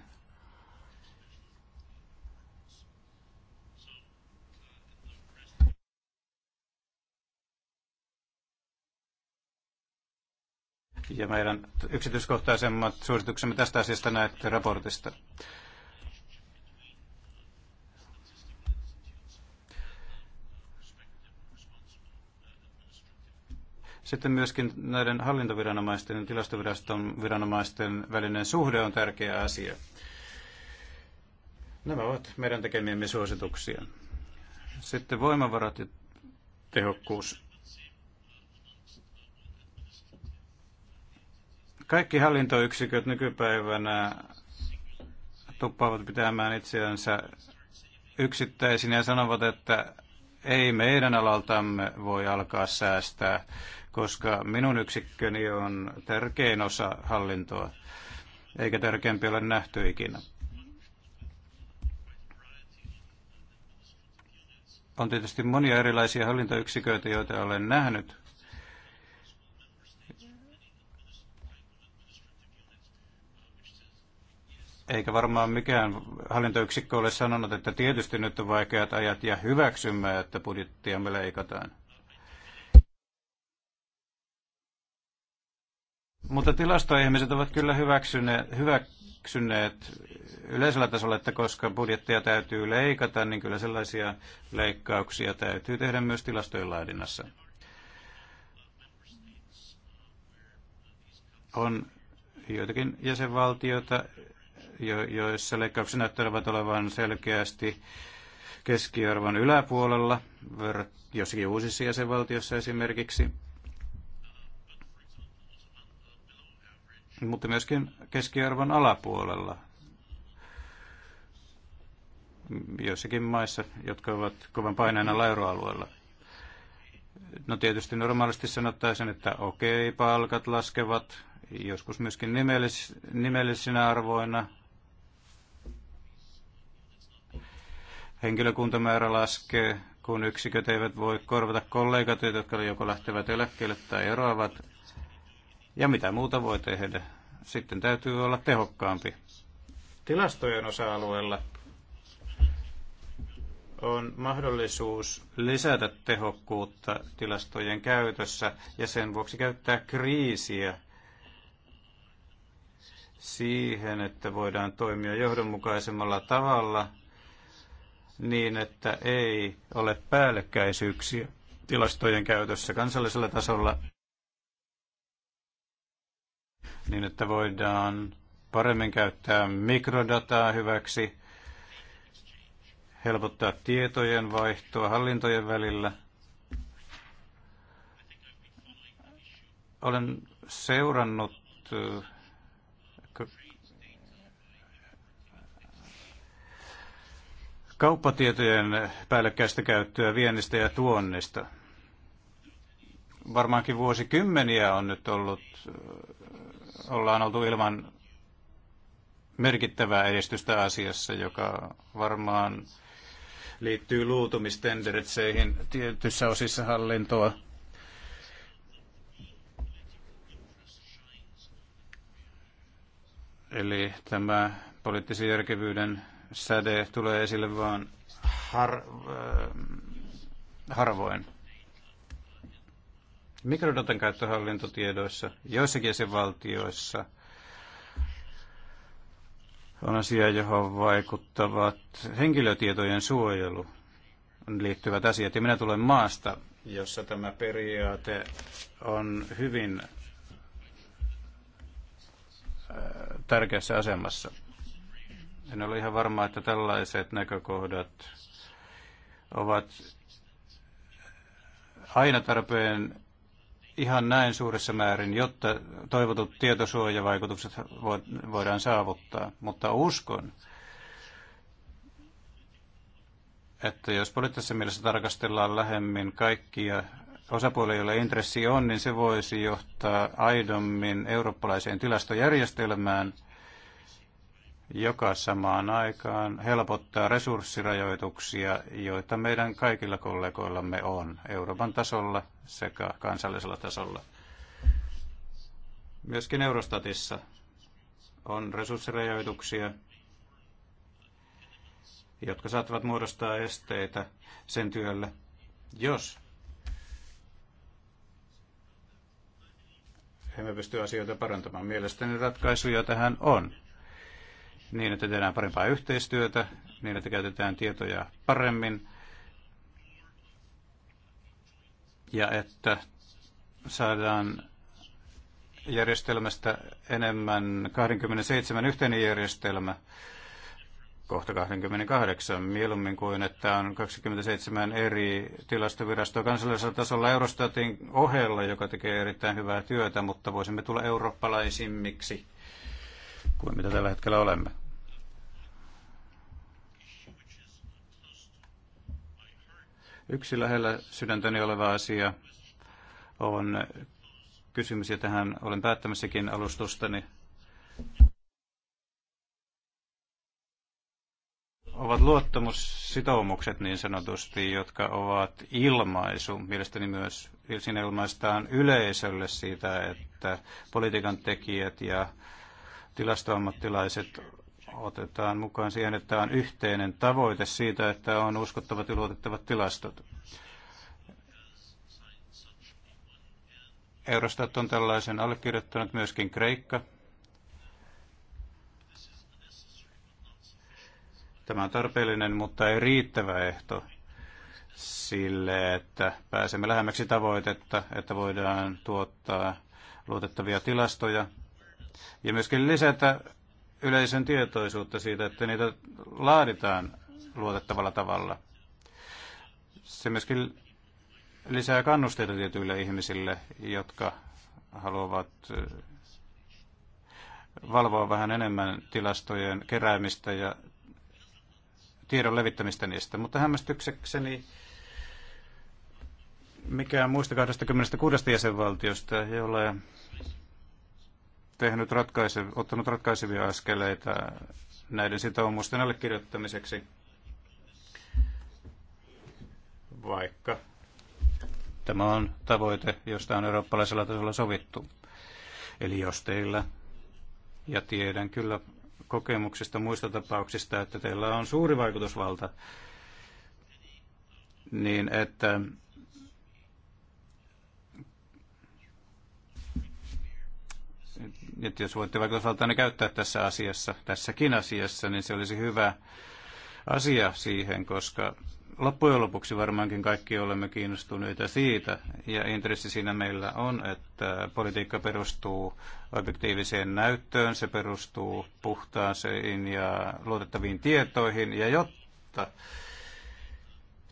Ja meidän yksityiskohtaisemmat suosituksemme tästä asiasta näette raportista. Sitten myöskin näiden hallintoviranomaisten ja tilastoviraston viranomaisten välinen suhde on tärkeä asia. Nämä ovat meidän tekemiämme suosituksia. Sitten voimavarat ja tehokkuus. Kaikki hallintoyksiköt nykypäivänä tuppaavat pitämään itseänsä yksittäisinä ja sanovat, että ei meidän alaltamme voi alkaa säästää koska minun yksikköni on tärkein osa hallintoa, eikä tärkeämpi ole nähty ikinä. On tietysti monia erilaisia hallintoyksiköitä, joita olen nähnyt, eikä varmaan mikään hallintoyksikkö ole sanonut, että tietysti nyt on vaikeat ajat ja hyväksymme, että budjettiamme me leikataan. Mutta tilastoihmiset ovat kyllä hyväksyneet, hyväksyneet yleisellä tasolla, että koska budjettia täytyy leikata, niin kyllä sellaisia leikkauksia täytyy tehdä myös tilastojen laadinnassa. On joitakin jäsenvaltioita, jo, joissa leikkaukset näyttävät olevan selkeästi keskiarvon yläpuolella, jossakin uusissa jäsenvaltiossa esimerkiksi. mutta myöskin keskiarvon alapuolella joissakin maissa, jotka ovat kovan paineen alla euroalueella. No tietysti normaalisti sanottaisiin, että okei, palkat laskevat, joskus myöskin nimellis, nimellisinä arvoina. Henkilökuntamäärä laskee, kun yksiköt eivät voi korvata kollegat, jotka joko lähtevät eläkkeelle tai eroavat. Ja mitä muuta voi tehdä? Sitten täytyy olla tehokkaampi. Tilastojen osa-alueella on mahdollisuus lisätä tehokkuutta tilastojen käytössä ja sen vuoksi käyttää kriisiä siihen, että voidaan toimia johdonmukaisemmalla tavalla niin, että ei ole päällekkäisyyksiä tilastojen käytössä kansallisella tasolla niin että voidaan paremmin käyttää mikrodataa hyväksi, helpottaa tietojen vaihtoa hallintojen välillä. Olen seurannut äh, kauppatietojen päällekkäistä käyttöä viennistä ja tuonnista. Varmaankin vuosikymmeniä on nyt ollut äh, ollaan oltu ilman merkittävää edistystä asiassa, joka varmaan liittyy luutumistenderetseihin tietyissä osissa hallintoa. Eli tämä poliittisen järkevyyden säde tulee esille vaan har, äh, harvoin. Mikrodatan käyttöhallintotiedoissa, joissakin jäsenvaltioissa on asia, johon vaikuttavat henkilötietojen suojelu liittyvät asiat. Ja minä tulen maasta, jossa tämä periaate on hyvin äh, tärkeässä asemassa. En ole ihan varma, että tällaiset näkökohdat ovat aina tarpeen ihan näin suuressa määrin, jotta toivotut tietosuojavaikutukset voidaan saavuttaa. Mutta uskon, että jos poliittisessa mielessä tarkastellaan lähemmin kaikkia osapuolia, joilla intressi on, niin se voisi johtaa aidommin eurooppalaiseen tilastojärjestelmään – joka samaan aikaan helpottaa resurssirajoituksia, joita meidän kaikilla kollegoillamme on Euroopan tasolla sekä kansallisella tasolla. Myöskin Eurostatissa on resurssirajoituksia, jotka saattavat muodostaa esteitä sen työlle, jos emme pysty asioita parantamaan. Mielestäni ratkaisuja tähän on niin, että tehdään parempaa yhteistyötä, niin, että käytetään tietoja paremmin ja että saadaan järjestelmästä enemmän 27 yhteinen järjestelmä, kohta 28 mieluummin kuin, että on 27 eri tilastovirastoa kansallisella tasolla Eurostatin ohella, joka tekee erittäin hyvää työtä, mutta voisimme tulla eurooppalaisimmiksi kuin mitä tällä hetkellä olemme. Yksi lähellä sydäntäni oleva asia on kysymys, ja tähän olen päättämässäkin alustustani. Ovat luottamussitoumukset niin sanotusti, jotka ovat ilmaisu. Mielestäni myös siinä ilmaistaan yleisölle siitä, että politiikan tekijät ja tilastoammattilaiset otetaan mukaan siihen, että on yhteinen tavoite siitä, että on uskottavat ja luotettavat tilastot. Eurostat on tällaisen allekirjoittanut myöskin Kreikka. Tämä on tarpeellinen, mutta ei riittävä ehto sille, että pääsemme lähemmäksi tavoitetta, että voidaan tuottaa luotettavia tilastoja ja myöskin lisätä yleisön tietoisuutta siitä, että niitä laaditaan luotettavalla tavalla. Se myöskin lisää kannusteita tietyille ihmisille, jotka haluavat valvoa vähän enemmän tilastojen keräämistä ja tiedon levittämistä niistä. Mutta hämmästyksekseni mikään muista 26 jäsenvaltiosta ei ole tehnyt ratkaise, ottanut ratkaisevia askeleita näiden sitoumusten allekirjoittamiseksi, vaikka tämä on tavoite, josta on eurooppalaisella tasolla sovittu. Eli jos teillä, ja tiedän kyllä kokemuksista muista tapauksista, että teillä on suuri vaikutusvalta, niin että että jos voitte ne käyttää tässä asiassa, tässäkin asiassa, niin se olisi hyvä asia siihen, koska loppujen lopuksi varmaankin kaikki olemme kiinnostuneita siitä, ja intressi siinä meillä on, että politiikka perustuu objektiiviseen näyttöön, se perustuu puhtaaseen ja luotettaviin tietoihin, ja jotta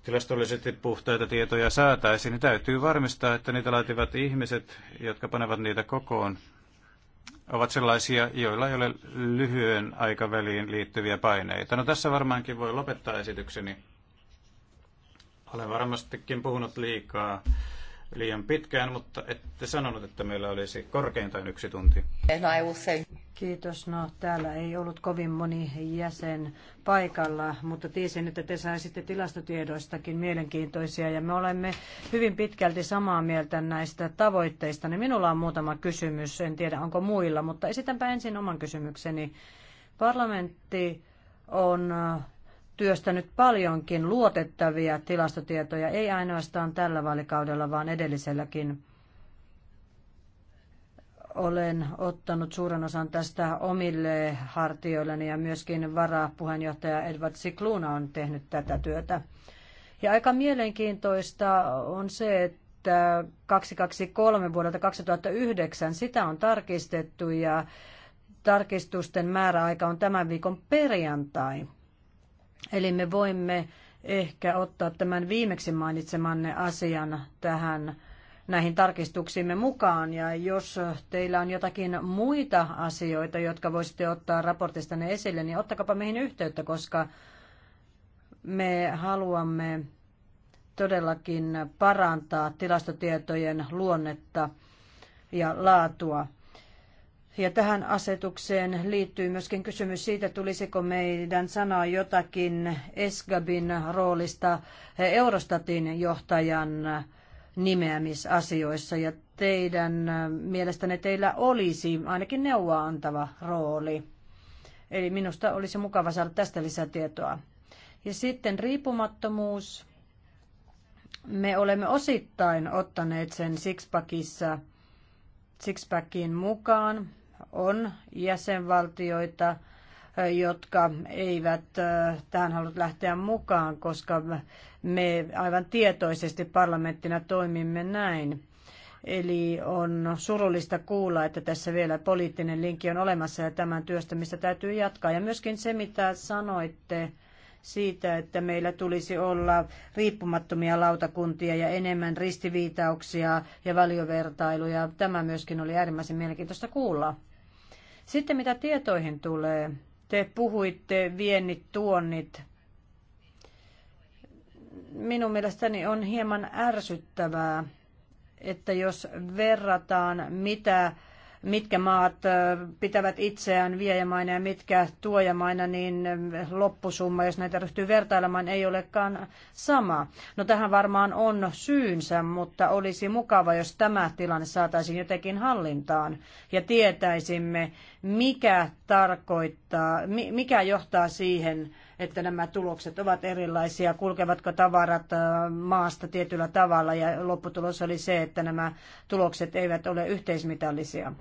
tilastollisesti puhtaita tietoja saataisiin, niin täytyy varmistaa, että niitä laativat ihmiset, jotka panevat niitä kokoon, ovat sellaisia, joilla ei ole lyhyen aikaväliin liittyviä paineita. No tässä varmaankin voi lopettaa esitykseni. Olen varmastikin puhunut liikaa liian pitkään, mutta ette sanonut, että meillä olisi korkeintaan yksi tunti. Kiitos. No, täällä ei ollut kovin moni jäsen paikalla, mutta tiesin, että te saisitte tilastotiedoistakin mielenkiintoisia ja me olemme hyvin pitkälti samaa mieltä näistä tavoitteista. Niin minulla on muutama kysymys, en tiedä onko muilla, mutta esitänpä ensin oman kysymykseni. Parlamentti on työstänyt paljonkin luotettavia tilastotietoja, ei ainoastaan tällä vaalikaudella, vaan edelliselläkin. Olen ottanut suuren osan tästä omille hartioilleni ja myöskin varapuheenjohtaja Edward Sikluna on tehnyt tätä työtä. Ja aika mielenkiintoista on se, että 223 vuodelta 2009 sitä on tarkistettu ja tarkistusten määräaika on tämän viikon perjantai. Eli me voimme ehkä ottaa tämän viimeksi mainitsemanne asian tähän näihin tarkistuksiimme mukaan. Ja jos teillä on jotakin muita asioita, jotka voisitte ottaa raportistanne esille, niin ottakapa meihin yhteyttä, koska me haluamme todellakin parantaa tilastotietojen luonnetta ja laatua. Ja tähän asetukseen liittyy myöskin kysymys siitä, tulisiko meidän sanoa jotakin Esgabin roolista Eurostatin johtajan nimeämisasioissa. Ja teidän mielestänne teillä olisi ainakin neuvoa antava rooli. Eli minusta olisi mukava saada tästä lisätietoa. Ja sitten riippumattomuus. Me olemme osittain ottaneet sen Sixpackissa Sixpackiin mukaan on jäsenvaltioita, jotka eivät tähän halunnut lähteä mukaan, koska me aivan tietoisesti parlamenttina toimimme näin. Eli on surullista kuulla, että tässä vielä poliittinen linkki on olemassa ja tämän työstämistä täytyy jatkaa. Ja myöskin se, mitä sanoitte siitä, että meillä tulisi olla riippumattomia lautakuntia ja enemmän ristiviitauksia ja valiovertailuja. Tämä myöskin oli äärimmäisen mielenkiintoista kuulla. Sitten mitä tietoihin tulee, te puhuitte viennit, tuonnit. Minun mielestäni on hieman ärsyttävää, että jos verrataan mitä mitkä maat pitävät itseään viejämaina ja mitkä tuojamaina, niin loppusumma, jos näitä ryhtyy vertailemaan, ei olekaan sama. No tähän varmaan on syynsä, mutta olisi mukava, jos tämä tilanne saataisiin jotenkin hallintaan ja tietäisimme, mikä tarkoittaa, mikä johtaa siihen, että nämä tulokset ovat erilaisia, kulkevatko tavarat maasta tietyllä tavalla ja lopputulos oli se, että nämä tulokset eivät ole yhteismitallisia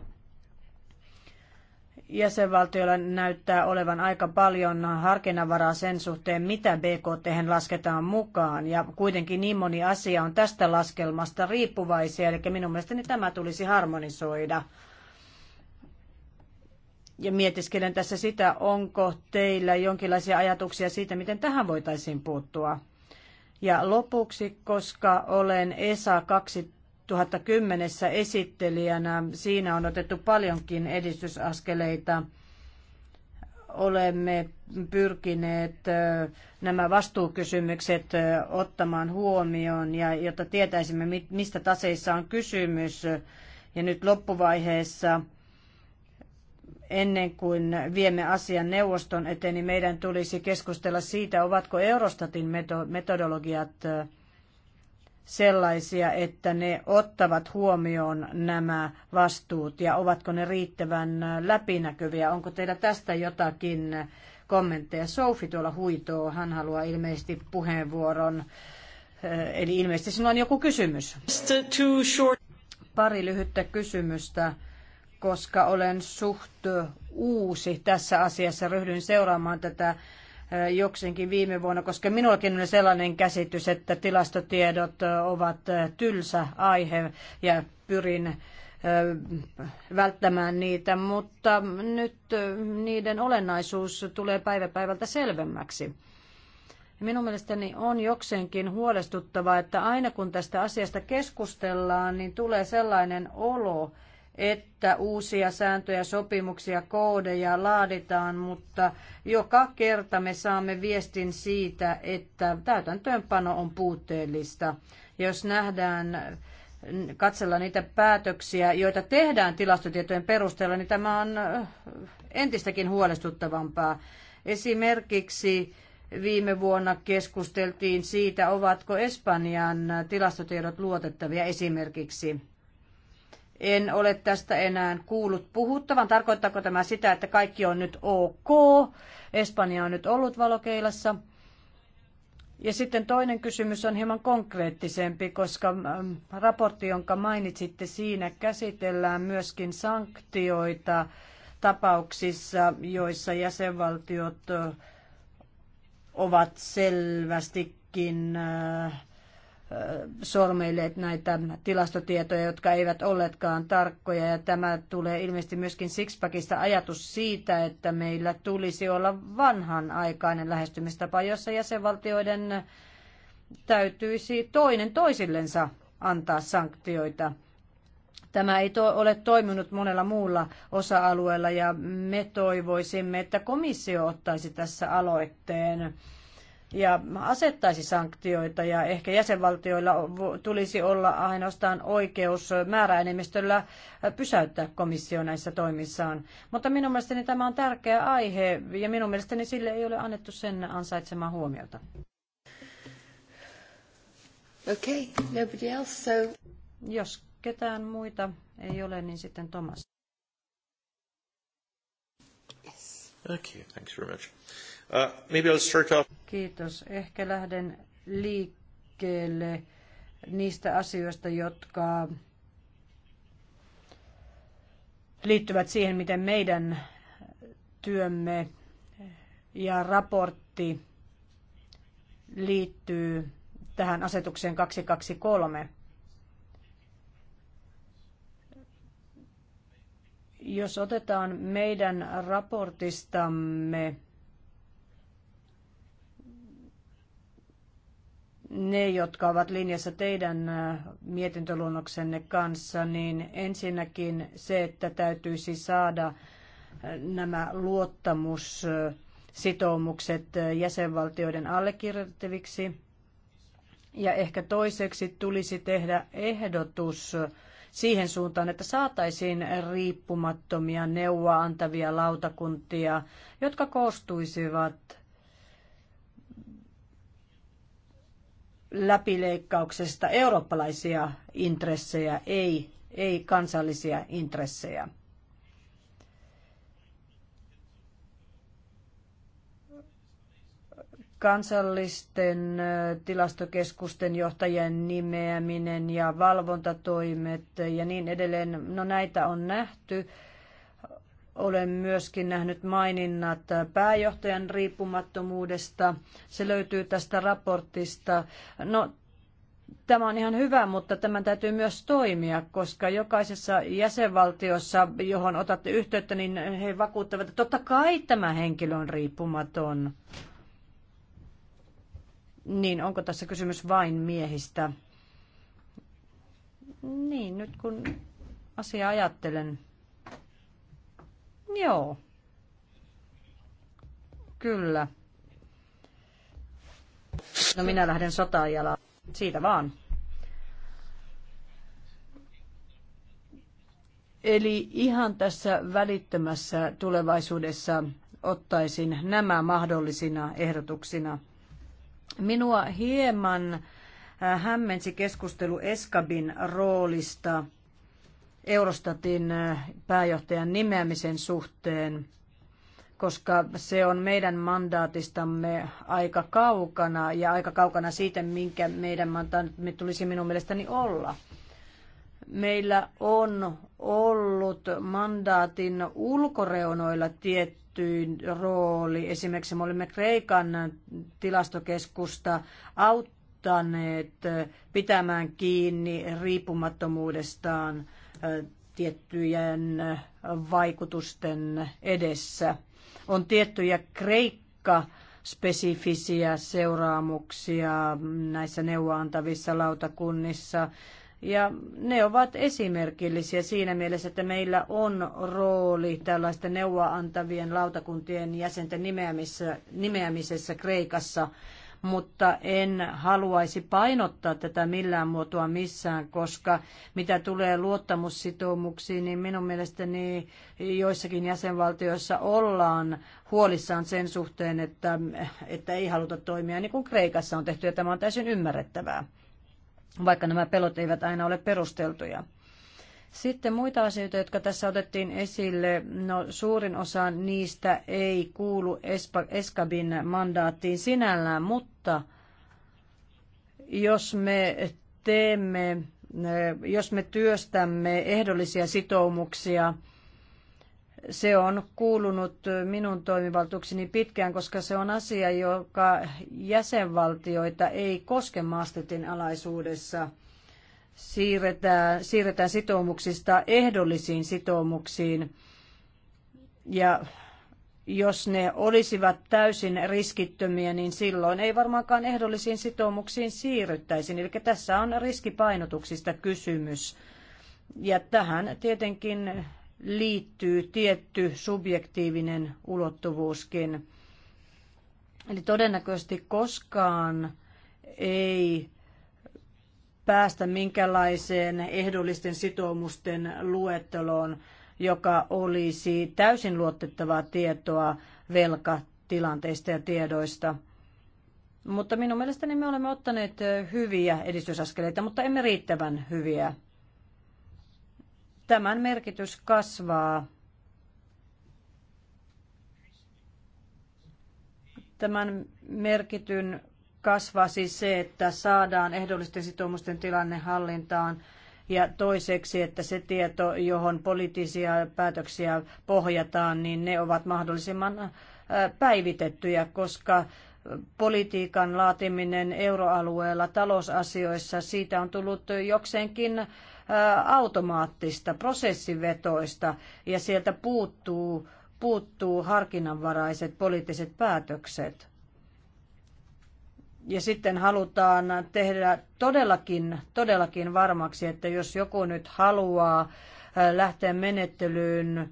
jäsenvaltioilla näyttää olevan aika paljon harkinnanvaraa sen suhteen, mitä BKT lasketaan mukaan. Ja kuitenkin niin moni asia on tästä laskelmasta riippuvaisia, eli minun mielestäni tämä tulisi harmonisoida. Ja mietiskelen tässä sitä, onko teillä jonkinlaisia ajatuksia siitä, miten tähän voitaisiin puuttua. Ja lopuksi, koska olen ESA 2000, 2010 esittelijänä. Siinä on otettu paljonkin edistysaskeleita. Olemme pyrkineet nämä vastuukysymykset ottamaan huomioon, ja jotta tietäisimme, mistä taseissa on kysymys. Ja nyt loppuvaiheessa ennen kuin viemme asian neuvoston eteen, niin meidän tulisi keskustella siitä, ovatko Eurostatin metodologiat sellaisia, että ne ottavat huomioon nämä vastuut ja ovatko ne riittävän läpinäkyviä? Onko teillä tästä jotakin kommentteja? Sofi tuolla huitoo, hän haluaa ilmeisesti puheenvuoron. Eli ilmeisesti sinulla on joku kysymys. Pari lyhyttä kysymystä, koska olen suht uusi tässä asiassa. Ryhdyin seuraamaan tätä jokseenkin viime vuonna, koska minullakin oli sellainen käsitys, että tilastotiedot ovat tylsä aihe ja pyrin välttämään niitä, mutta nyt niiden olennaisuus tulee päivä päivältä selvemmäksi. Minun mielestäni on jokseenkin huolestuttavaa, että aina kun tästä asiasta keskustellaan, niin tulee sellainen olo, että uusia sääntöjä, sopimuksia, koodeja laaditaan, mutta joka kerta me saamme viestin siitä, että täytäntöönpano on puutteellista. Jos nähdään katsella niitä päätöksiä, joita tehdään tilastotietojen perusteella, niin tämä on äh, entistäkin huolestuttavampaa. Esimerkiksi viime vuonna keskusteltiin siitä, ovatko Espanjan tilastotiedot luotettavia esimerkiksi. En ole tästä enää kuullut puhuttavan. Tarkoittaako tämä sitä, että kaikki on nyt ok? Espanja on nyt ollut valokeilassa. Ja sitten toinen kysymys on hieman konkreettisempi, koska raportti, jonka mainitsitte, siinä käsitellään myöskin sanktioita tapauksissa, joissa jäsenvaltiot ovat selvästikin äh, sormeilleet näitä tilastotietoja, jotka eivät olleetkaan tarkkoja. Ja tämä tulee ilmeisesti myöskin Sixpackista ajatus siitä, että meillä tulisi olla vanhanaikainen lähestymistapa, jossa jäsenvaltioiden täytyisi toinen toisillensa antaa sanktioita. Tämä ei to- ole toiminut monella muulla osa-alueella ja me toivoisimme, että komissio ottaisi tässä aloitteen ja asettaisi sanktioita ja ehkä jäsenvaltioilla tulisi olla ainoastaan oikeus määräenemmistöllä pysäyttää komissio näissä toimissaan. Mutta minun mielestäni tämä on tärkeä aihe ja minun mielestäni sille ei ole annettu sen ansaitsemaan huomiota. Okay, nobody else, so... Jos ketään muita ei ole, niin sitten Thomas. Yes. Okay, thanks very much. Uh, Kiitos. Ehkä lähden liikkeelle niistä asioista, jotka liittyvät siihen, miten meidän työmme ja raportti liittyy tähän asetukseen 223. Jos otetaan meidän raportistamme ne, jotka ovat linjassa teidän mietintöluonnoksenne kanssa, niin ensinnäkin se, että täytyisi saada nämä luottamussitoumukset jäsenvaltioiden allekirjoittaviksi. Ja ehkä toiseksi tulisi tehdä ehdotus siihen suuntaan, että saataisiin riippumattomia neuvoa antavia lautakuntia, jotka koostuisivat läpileikkauksesta eurooppalaisia intressejä, ei, ei kansallisia intressejä. kansallisten tilastokeskusten johtajien nimeäminen ja valvontatoimet ja niin edelleen. No näitä on nähty olen myöskin nähnyt maininnat pääjohtajan riippumattomuudesta. Se löytyy tästä raportista. No, tämä on ihan hyvä, mutta tämän täytyy myös toimia, koska jokaisessa jäsenvaltiossa, johon otatte yhteyttä, niin he vakuuttavat, että totta kai tämä henkilö on riippumaton. Niin, onko tässä kysymys vain miehistä? Niin, nyt kun asia ajattelen. Joo. Kyllä. No minä lähden sotaan jalaan. Siitä vaan. Eli ihan tässä välittömässä tulevaisuudessa ottaisin nämä mahdollisina ehdotuksina. Minua hieman äh, hämmensi keskustelu Eskabin roolista – Eurostatin äh, pääjohtajan nimeämisen suhteen, koska se on meidän mandaatistamme aika kaukana ja aika kaukana siitä, minkä meidän mandaatimme tulisi minun mielestäni olla. Meillä on ollut mandaatin ulkoreunoilla tietty rooli. Esimerkiksi me olimme Kreikan tilastokeskusta auttaneet pitämään kiinni riippumattomuudestaan tiettyjen vaikutusten edessä. On tiettyjä kreikka spesifisiä seuraamuksia näissä neuvoantavissa lautakunnissa. Ja ne ovat esimerkillisiä siinä mielessä, että meillä on rooli tällaisten neuvoantavien lautakuntien jäsenten nimeämisessä, nimeämisessä Kreikassa – mutta en haluaisi painottaa tätä millään muotoa missään, koska mitä tulee luottamussitoumuksiin, niin minun mielestäni joissakin jäsenvaltioissa ollaan huolissaan sen suhteen, että, että ei haluta toimia niin kuin Kreikassa on tehty, ja tämä on täysin ymmärrettävää, vaikka nämä pelot eivät aina ole perusteltuja. Sitten muita asioita, jotka tässä otettiin esille, no suurin osa niistä ei kuulu Eskabin mandaattiin sinällään, mutta jos me teemme, jos me työstämme ehdollisia sitoumuksia, se on kuulunut minun toimivaltuukseni pitkään, koska se on asia, joka jäsenvaltioita ei koske maastetin alaisuudessa – siirretään, siirretään sitoumuksista ehdollisiin sitoumuksiin. Ja jos ne olisivat täysin riskittömiä, niin silloin ei varmaankaan ehdollisiin sitoumuksiin siirryttäisiin. Eli tässä on riskipainotuksista kysymys. Ja tähän tietenkin liittyy tietty subjektiivinen ulottuvuuskin. Eli todennäköisesti koskaan ei päästä minkälaiseen ehdollisten sitoumusten luetteloon, joka olisi täysin luotettavaa tietoa velkatilanteista ja tiedoista. Mutta minun mielestäni me olemme ottaneet hyviä edistysaskeleita, mutta emme riittävän hyviä. Tämän merkitys kasvaa tämän merkityn kasvaisi siis se, että saadaan ehdollisten sitoumusten tilanne hallintaan ja toiseksi, että se tieto, johon poliittisia päätöksiä pohjataan, niin ne ovat mahdollisimman äh, päivitettyjä, koska politiikan laatiminen euroalueella talousasioissa, siitä on tullut jokseenkin äh, automaattista, prosessivetoista ja sieltä puuttuu, puuttuu harkinnanvaraiset poliittiset päätökset ja sitten halutaan tehdä todellakin, todellakin varmaksi, että jos joku nyt haluaa äh, lähteä menettelyyn,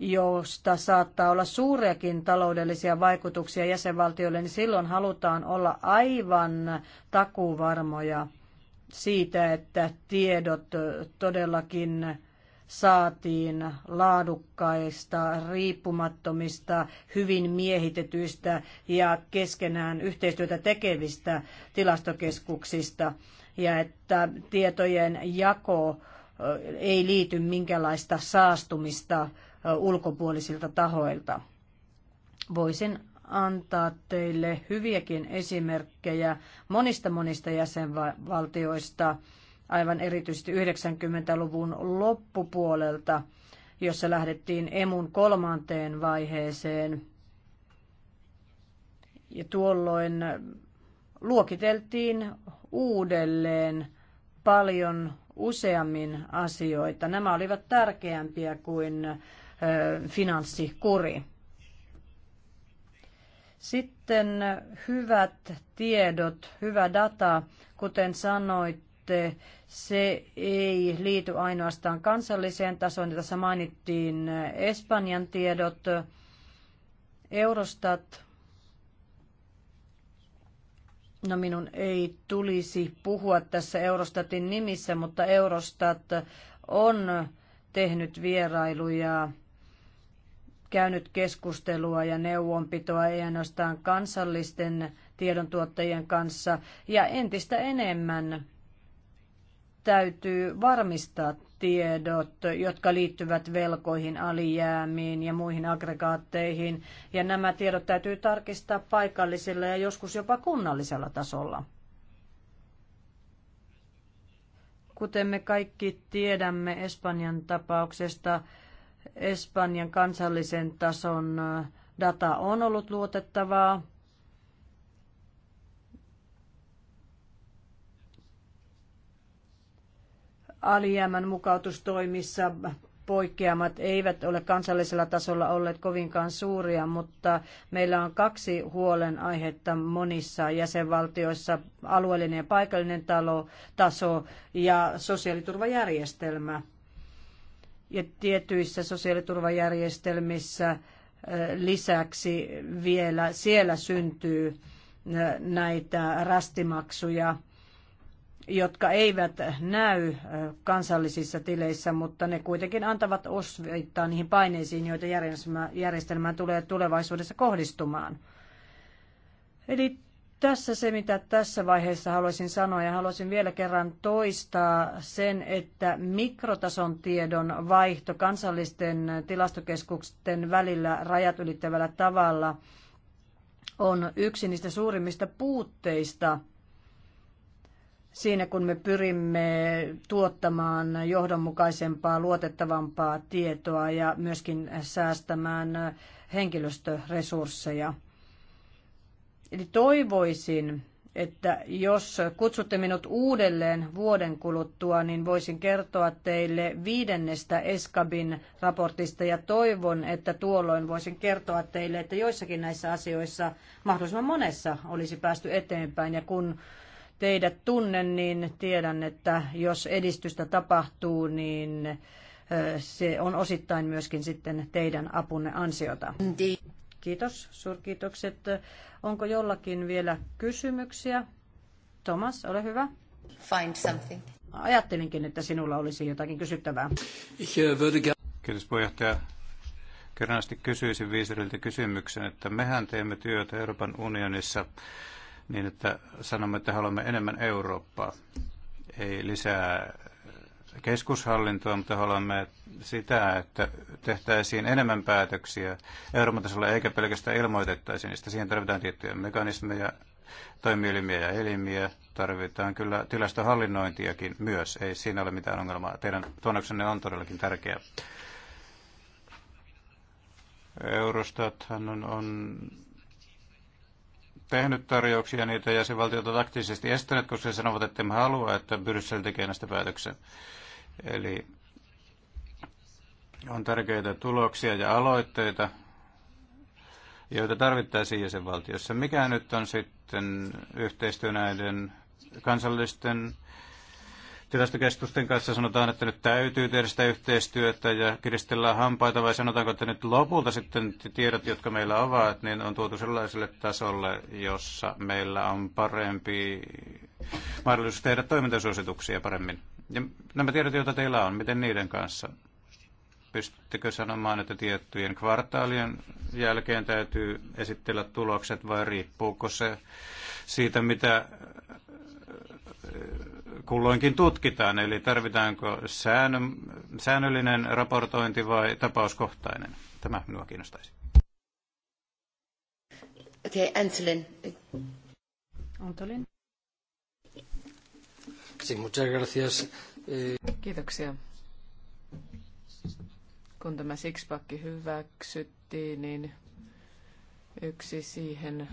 josta saattaa olla suuriakin taloudellisia vaikutuksia jäsenvaltioille, niin silloin halutaan olla aivan takuvarmoja siitä, että tiedot todellakin saatiin laadukkaista, riippumattomista, hyvin miehitetyistä ja keskenään yhteistyötä tekevistä tilastokeskuksista ja että tietojen jako ei liity minkälaista saastumista ulkopuolisilta tahoilta. Voisin antaa teille hyviäkin esimerkkejä monista monista jäsenvaltioista, aivan erityisesti 90-luvun loppupuolelta, jossa lähdettiin emun kolmanteen vaiheeseen. Ja tuolloin luokiteltiin uudelleen paljon useammin asioita. Nämä olivat tärkeämpiä kuin finanssikuri. Sitten hyvät tiedot, hyvä data, kuten sanoitte, se ei liity ainoastaan kansalliseen tasoon. Tässä mainittiin Espanjan tiedot, Eurostat. No minun ei tulisi puhua tässä Eurostatin nimissä, mutta Eurostat on tehnyt vierailuja, käynyt keskustelua ja neuvonpitoa ei ainoastaan kansallisten tiedontuottajien kanssa ja entistä enemmän täytyy varmistaa tiedot, jotka liittyvät velkoihin, alijäämiin ja muihin aggregaatteihin. Ja nämä tiedot täytyy tarkistaa paikallisella ja joskus jopa kunnallisella tasolla. Kuten me kaikki tiedämme Espanjan tapauksesta, Espanjan kansallisen tason data on ollut luotettavaa alijäämän mukautustoimissa poikkeamat eivät ole kansallisella tasolla olleet kovinkaan suuria, mutta meillä on kaksi huolenaihetta monissa jäsenvaltioissa, alueellinen ja paikallinen talo, taso ja sosiaaliturvajärjestelmä. Ja tietyissä sosiaaliturvajärjestelmissä lisäksi vielä siellä syntyy näitä rastimaksuja – jotka eivät näy kansallisissa tileissä, mutta ne kuitenkin antavat osviittaa niihin paineisiin, joita järjestelmään tulee tulevaisuudessa kohdistumaan. Eli tässä se, mitä tässä vaiheessa haluaisin sanoa ja haluaisin vielä kerran toistaa sen, että mikrotason tiedon vaihto kansallisten tilastokeskusten välillä rajat ylittävällä tavalla on yksi niistä suurimmista puutteista – siinä, kun me pyrimme tuottamaan johdonmukaisempaa, luotettavampaa tietoa ja myöskin säästämään henkilöstöresursseja. Eli toivoisin, että jos kutsutte minut uudelleen vuoden kuluttua, niin voisin kertoa teille viidennestä Eskabin raportista ja toivon, että tuolloin voisin kertoa teille, että joissakin näissä asioissa mahdollisimman monessa olisi päästy eteenpäin ja kun teidät tunnen, niin tiedän, että jos edistystä tapahtuu, niin se on osittain myöskin sitten teidän apunne ansiota. Kiitos, suurkiitokset. Onko jollakin vielä kysymyksiä? Thomas, ole hyvä. Find something. Ajattelinkin, että sinulla olisi jotakin kysyttävää. Äh, Kiitos puheenjohtaja. Kerran kysyisin viisiriltä kysymyksen, että mehän teemme työtä Euroopan unionissa niin että sanomme, että haluamme enemmän Eurooppaa, ei lisää keskushallintoa, mutta haluamme sitä, että tehtäisiin enemmän päätöksiä Euroopan tasolla eikä pelkästään ilmoitettaisiin niistä. Siihen tarvitaan tiettyjä mekanismeja, toimielimiä ja elimiä. Tarvitaan kyllä tilastohallinnointiakin myös. Ei siinä ole mitään ongelmaa. Teidän tuonnoksenne on todellakin tärkeä. Eurostathan on, on tehnyt tarjouksia niitä ja jäsenvaltiota taktisesti estänyt, koska he sanovat, että emme halua, että Bryssel tekee näistä päätöksen. Eli on tärkeitä tuloksia ja aloitteita, joita tarvittaisiin jäsenvaltiossa. Mikä nyt on sitten yhteistyö näiden kansallisten tilastokestusten kanssa sanotaan, että nyt täytyy tehdä sitä yhteistyötä ja kiristellään hampaita, vai sanotaanko, että nyt lopulta sitten tiedot, jotka meillä ovat, niin on tuotu sellaiselle tasolle, jossa meillä on parempi mahdollisuus tehdä toimintasuosituksia paremmin. Ja nämä tiedot, joita teillä on, miten niiden kanssa? Pystyttekö sanomaan, että tiettyjen kvartaalien jälkeen täytyy esitellä tulokset vai riippuuko se siitä, mitä kulloinkin tutkitaan, eli tarvitaanko säännö, säännöllinen raportointi vai tapauskohtainen? Tämä minua kiinnostaisi. Okei, okay, Antolin. Antolin. Sí, muchas gracias. Eh, Kiitoksia. Kun tämä sixpack hyväksyttiin, niin yksi siihen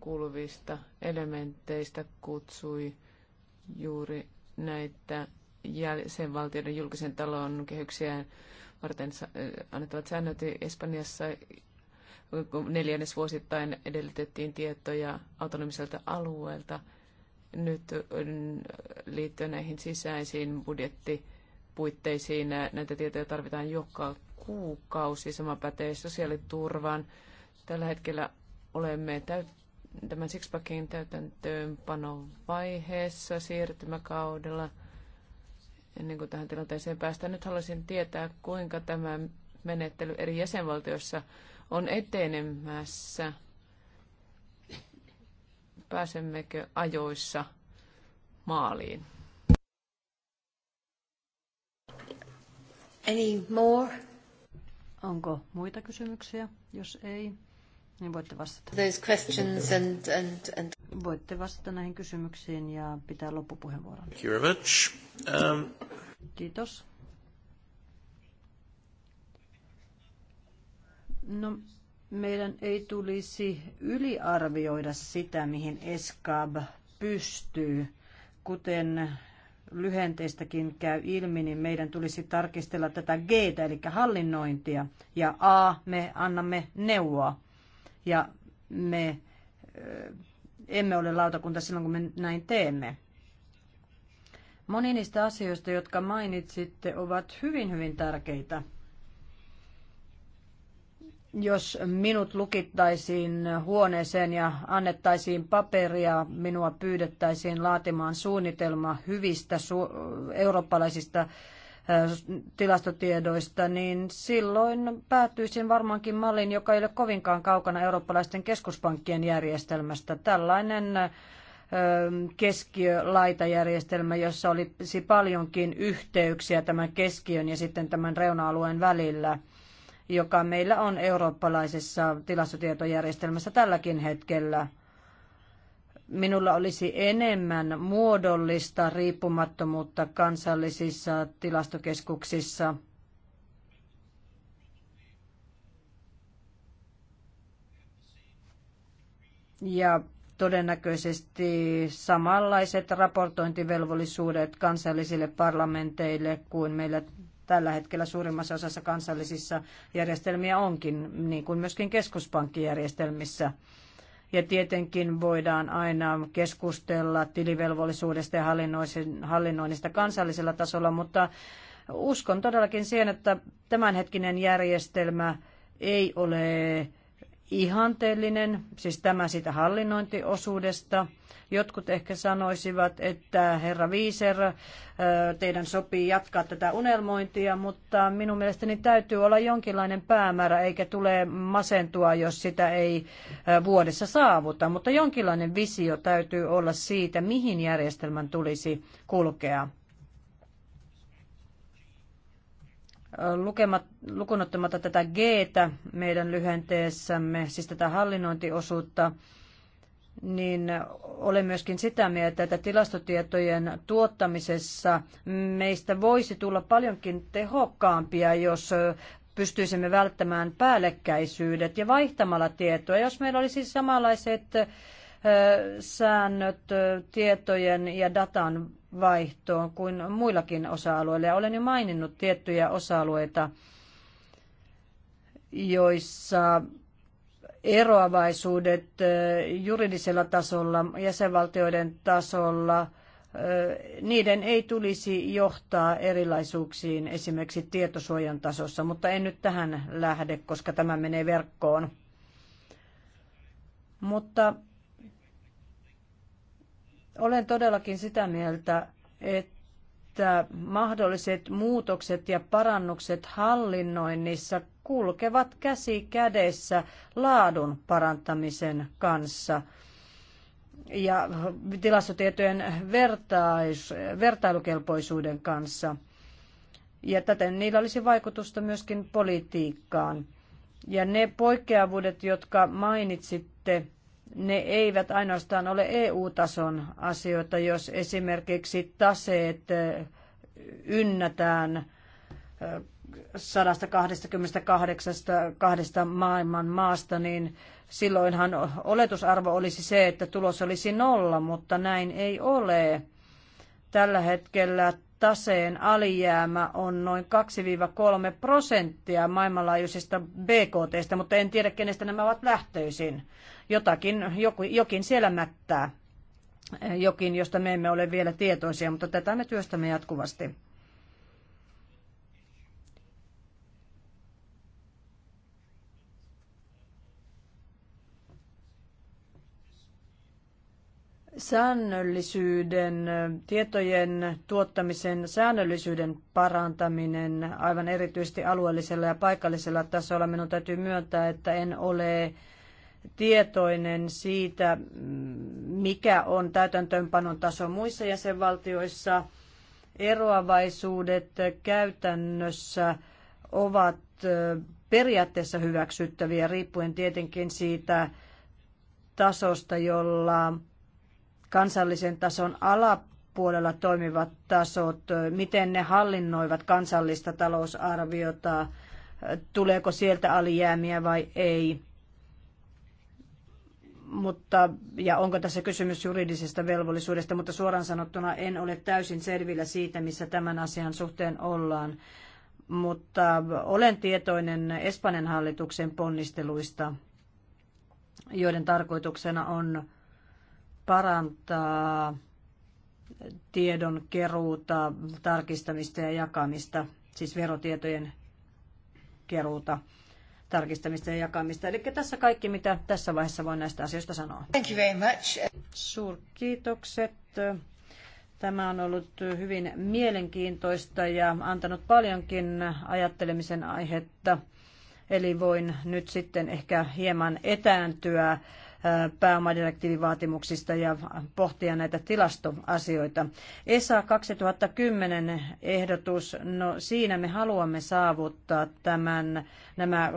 kuuluvista elementeistä kutsui juuri näitä jäsenvaltioiden julkisen talon kehyksiä varten eh, annettavat säännöt Espanjassa neljännesvuosittain edellytettiin tietoja autonomiselta alueelta. Nyt mm, liittyen näihin sisäisiin budjettipuitteisiin näitä tietoja tarvitaan joka kuukausi. Sama pätee sosiaaliturvaan. Tällä hetkellä olemme täyttäneet tämän Sixpackin täytäntöönpanovaiheessa siirtymäkaudella, ennen kuin tähän tilanteeseen päästään. Nyt haluaisin tietää, kuinka tämä menettely eri jäsenvaltioissa on etenemässä. Pääsemmekö ajoissa maaliin? Any more? Onko muita kysymyksiä? Jos ei, niin voitte vastata. Those questions and, and, and... Voitte vastata näihin kysymyksiin ja pitää loppupuheenvuoron. Thank you very much. Um... Kiitos. No, meidän ei tulisi yliarvioida sitä, mihin ESCAB pystyy. Kuten lyhenteistäkin käy ilmi, niin meidän tulisi tarkistella tätä G, eli hallinnointia, ja A, me annamme neuvoa ja me emme ole lautakunta silloin, kun me näin teemme. Moni niistä asioista, jotka mainitsitte, ovat hyvin, hyvin tärkeitä. Jos minut lukittaisiin huoneeseen ja annettaisiin paperia, minua pyydettäisiin laatimaan suunnitelma hyvistä su- eurooppalaisista tilastotiedoista, niin silloin päätyisin varmaankin mallin, joka ei ole kovinkaan kaukana eurooppalaisten keskuspankkien järjestelmästä. Tällainen keskiölaitajärjestelmä, jossa olisi paljonkin yhteyksiä tämän keskiön ja sitten tämän reuna-alueen välillä, joka meillä on eurooppalaisessa tilastotietojärjestelmässä tälläkin hetkellä minulla olisi enemmän muodollista riippumattomuutta kansallisissa tilastokeskuksissa. Ja todennäköisesti samanlaiset raportointivelvollisuudet kansallisille parlamenteille kuin meillä tällä hetkellä suurimmassa osassa kansallisissa järjestelmiä onkin, niin kuin myöskin keskuspankkijärjestelmissä. Ja tietenkin voidaan aina keskustella tilivelvollisuudesta ja hallinnoinnista kansallisella tasolla, mutta uskon todellakin siihen, että tämänhetkinen järjestelmä ei ole ihanteellinen, siis tämä siitä hallinnointiosuudesta – Jotkut ehkä sanoisivat, että herra Viiser, teidän sopii jatkaa tätä unelmointia, mutta minun mielestäni täytyy olla jonkinlainen päämäärä, eikä tule masentua, jos sitä ei vuodessa saavuta. Mutta jonkinlainen visio täytyy olla siitä, mihin järjestelmän tulisi kulkea. lukemat, lukunottamatta tätä g meidän lyhenteessämme, siis tätä hallinnointiosuutta, niin olen myöskin sitä mieltä, että tilastotietojen tuottamisessa meistä voisi tulla paljonkin tehokkaampia, jos pystyisimme välttämään päällekkäisyydet ja vaihtamalla tietoa. Jos meillä olisi siis samanlaiset säännöt tietojen ja datan vaihtoon kuin muillakin osa-alueilla. Ja olen jo maininnut tiettyjä osa-alueita, joissa eroavaisuudet juridisella tasolla, jäsenvaltioiden tasolla, niiden ei tulisi johtaa erilaisuuksiin esimerkiksi tietosuojan tasossa, mutta en nyt tähän lähde, koska tämä menee verkkoon. Mutta olen todellakin sitä mieltä, että mahdolliset muutokset ja parannukset hallinnoinnissa kulkevat käsi kädessä laadun parantamisen kanssa. Ja tilastotietojen vertais, vertailukelpoisuuden kanssa. Ja täten niillä olisi vaikutusta myöskin politiikkaan. Ja ne poikkeavuudet, jotka mainitsitte, ne eivät ainoastaan ole EU-tason asioita, jos esimerkiksi taseet eh, ynnätään eh, 128 maailman maasta, niin silloinhan oletusarvo olisi se, että tulos olisi nolla, mutta näin ei ole. Tällä hetkellä taseen alijäämä on noin 2-3 prosenttia maailmanlaajuisesta BKT, mutta en tiedä, kenestä nämä ovat lähtöisin. Jotakin, jokin siellä mättää. Jokin, josta me emme ole vielä tietoisia, mutta tätä me työstämme jatkuvasti. säännöllisyyden, tietojen tuottamisen säännöllisyyden parantaminen aivan erityisesti alueellisella ja paikallisella tasolla. Minun täytyy myöntää, että en ole tietoinen siitä, mikä on täytäntöönpanon taso muissa jäsenvaltioissa. Eroavaisuudet käytännössä ovat periaatteessa hyväksyttäviä, riippuen tietenkin siitä tasosta, jolla kansallisen tason alapuolella toimivat tasot, miten ne hallinnoivat kansallista talousarviota, tuleeko sieltä alijäämiä vai ei. Mutta, ja onko tässä kysymys juridisesta velvollisuudesta, mutta suoraan sanottuna en ole täysin selvillä siitä, missä tämän asian suhteen ollaan. Mutta olen tietoinen Espanjan hallituksen ponnisteluista, joiden tarkoituksena on parantaa tiedon keruuta, tarkistamista ja jakamista, siis verotietojen keruuta, tarkistamista ja jakamista. Eli tässä kaikki, mitä tässä vaiheessa voin näistä asioista sanoa. Thank you very much. Suurkiitokset. Tämä on ollut hyvin mielenkiintoista ja antanut paljonkin ajattelemisen aihetta. Eli voin nyt sitten ehkä hieman etääntyä pääomadirektiivivaatimuksista ja pohtia näitä tilastoasioita. ESA 2010 ehdotus, no siinä me haluamme saavuttaa tämän, nämä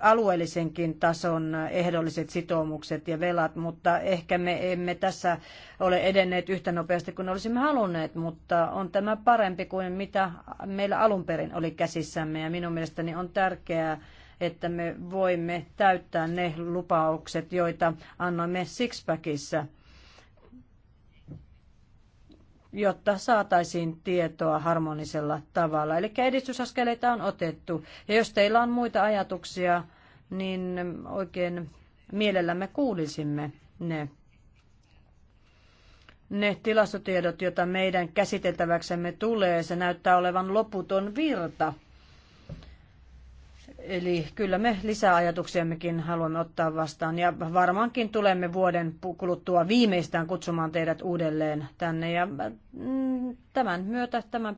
alueellisenkin tason ehdolliset sitoumukset ja velat, mutta ehkä me emme tässä ole edenneet yhtä nopeasti kuin olisimme halunneet, mutta on tämä parempi kuin mitä meillä alun perin oli käsissämme ja minun mielestäni on tärkeää, että me voimme täyttää ne lupaukset, joita annoimme Sixpackissa, jotta saataisiin tietoa harmonisella tavalla. Eli edistysaskeleita on otettu. Ja jos teillä on muita ajatuksia, niin oikein mielellämme kuulisimme ne ne tilastotiedot, joita meidän käsiteltäväksemme tulee, se näyttää olevan loputon virta. Eli kyllä me lisäajatuksiammekin haluamme ottaa vastaan ja varmaankin tulemme vuoden kuluttua viimeistään kutsumaan teidät uudelleen tänne ja mm, tämän myötä tämän